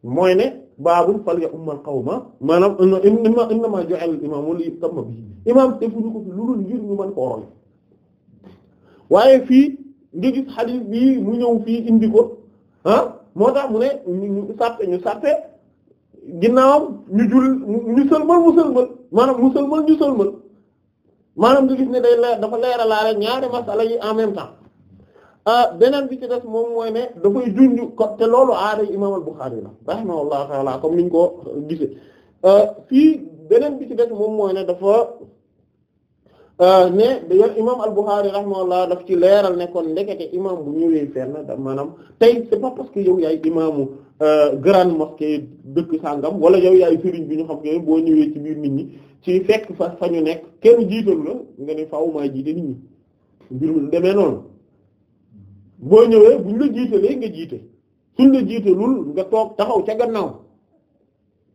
mooy ne baabul fal man ummal ma maanaam inna innamaa ju'al imaamu li yutamma bi imaam te fu ñu ko fi lu dul ngir ñu man koo roy waaye fii nga gis xadiis bii mu ñëw fii indiko ko ah, moo tax mu ne ñu sàppe ñu sàppe ginnaawam ñu jul ñu sëlmal mu sëlmal maanaam mu sëlmal ñu sëlmal maanaam nga gis ne day la dafa leeralaale ñaari masala yi en même temps Ah, beneen bi ci des moom mooy ne dafay junj te loolu aada imaam al-Bukhari la rahimahullahu ta'ala comme niñ ko gisee ah, fii beneen bi ci des moom mooy ne dafa ah, ne dañoo imaam al-Bukhari rahimahullah daf ci leeral nekkoon kon ndekete imaam bu ñëwee fenn da maanaam tey c'est pas parce que yow yaay imaamu grande mosquée dëkk sàngam wala yow yaay sëriñ bi ñu xam ne boo ñëwee ci biir nit ñi ci fekk fa fa ñu nekk kenn jiital la nga ne faaw maa jiite nit ñi mbir mi demee noonu. boo ñëwee buñ la jiitalee nga jiite suñ la jiite lul nga toog taxaw ca gannaaw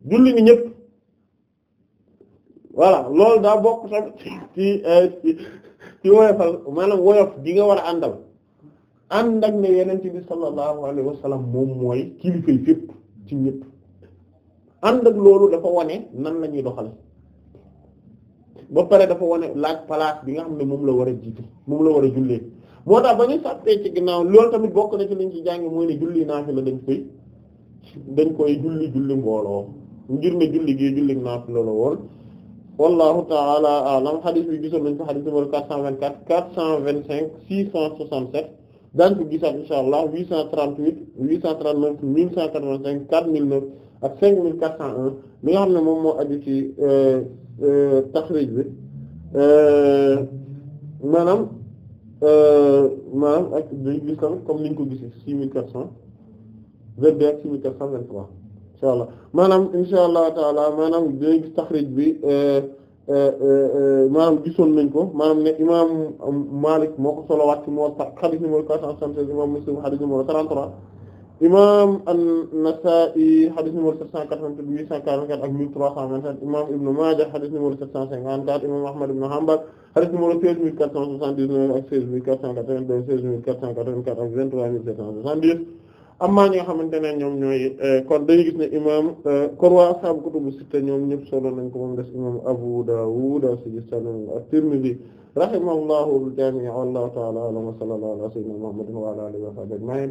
julli ni ñëpp voilà loolu daa bokk tamit euh, ci ci woyofal maanaam woyof di nga war a àndal ànd ak yeneen ci bi sallallahu alayhi wa sallam moom mooy kilifay fépp ci ñëpp ànd ak loolu dafa wane nan lañuy doxal ba pare dafa wane laaj place bi nga xam ne moom la war a jiite moom la war a jullee moo tax ba ñu sàppee ci ginnaaw loolu tamit bokk na ci liñ ci jàngi mooy ne julli naafila dañ koy dañ koy julli julli mbooloo ngir ne julli gi julli naafila la woon wallahu taala alam xadis bi gisoon nañ ko xadis numéro 424 425 667 daañ ko gisaat insha allah 838 839 1185 4009 ak 5401 li nga xam ne moom moo aju ci euh, euh, taxrij bi euh, maanaam Euh, maanaam ak dañu gis tamit comme niñ ko gisee six mille quatre cent vingt deux ak six mille quatre cent vingt trois insha allah maanaam insha allah taala maanaam dañu gis taxrij bi euh, euh, maanaam gisoon nañ ko maanaam ne imam Malik moo ko solo waat ci Muwatta hadith numéro quatre cent soixante imaam an-Nasaa'i hadith numéro 788 844 ak 1327 imaam Ibn Maaja hadith numéro 754 imaam Ahmad ibn Hanbal hadith numéro 16479 ak 16482 16484 ak 23770 amma ñi nga xamante ne ñoom ñooy euh, kon dañu gis ne imam euh, kon waa ashaabu kutubu sitta ñoom ñëpp solo nañ ko moom des imam Abu Dawud as-Sijistani at-Tirmidhi rahimahullahu al-jami' wallahu ta'ala a'lam wa sallallahu ala sayyidina Muhammadin wa ala alihi wa sahbihi ajma'in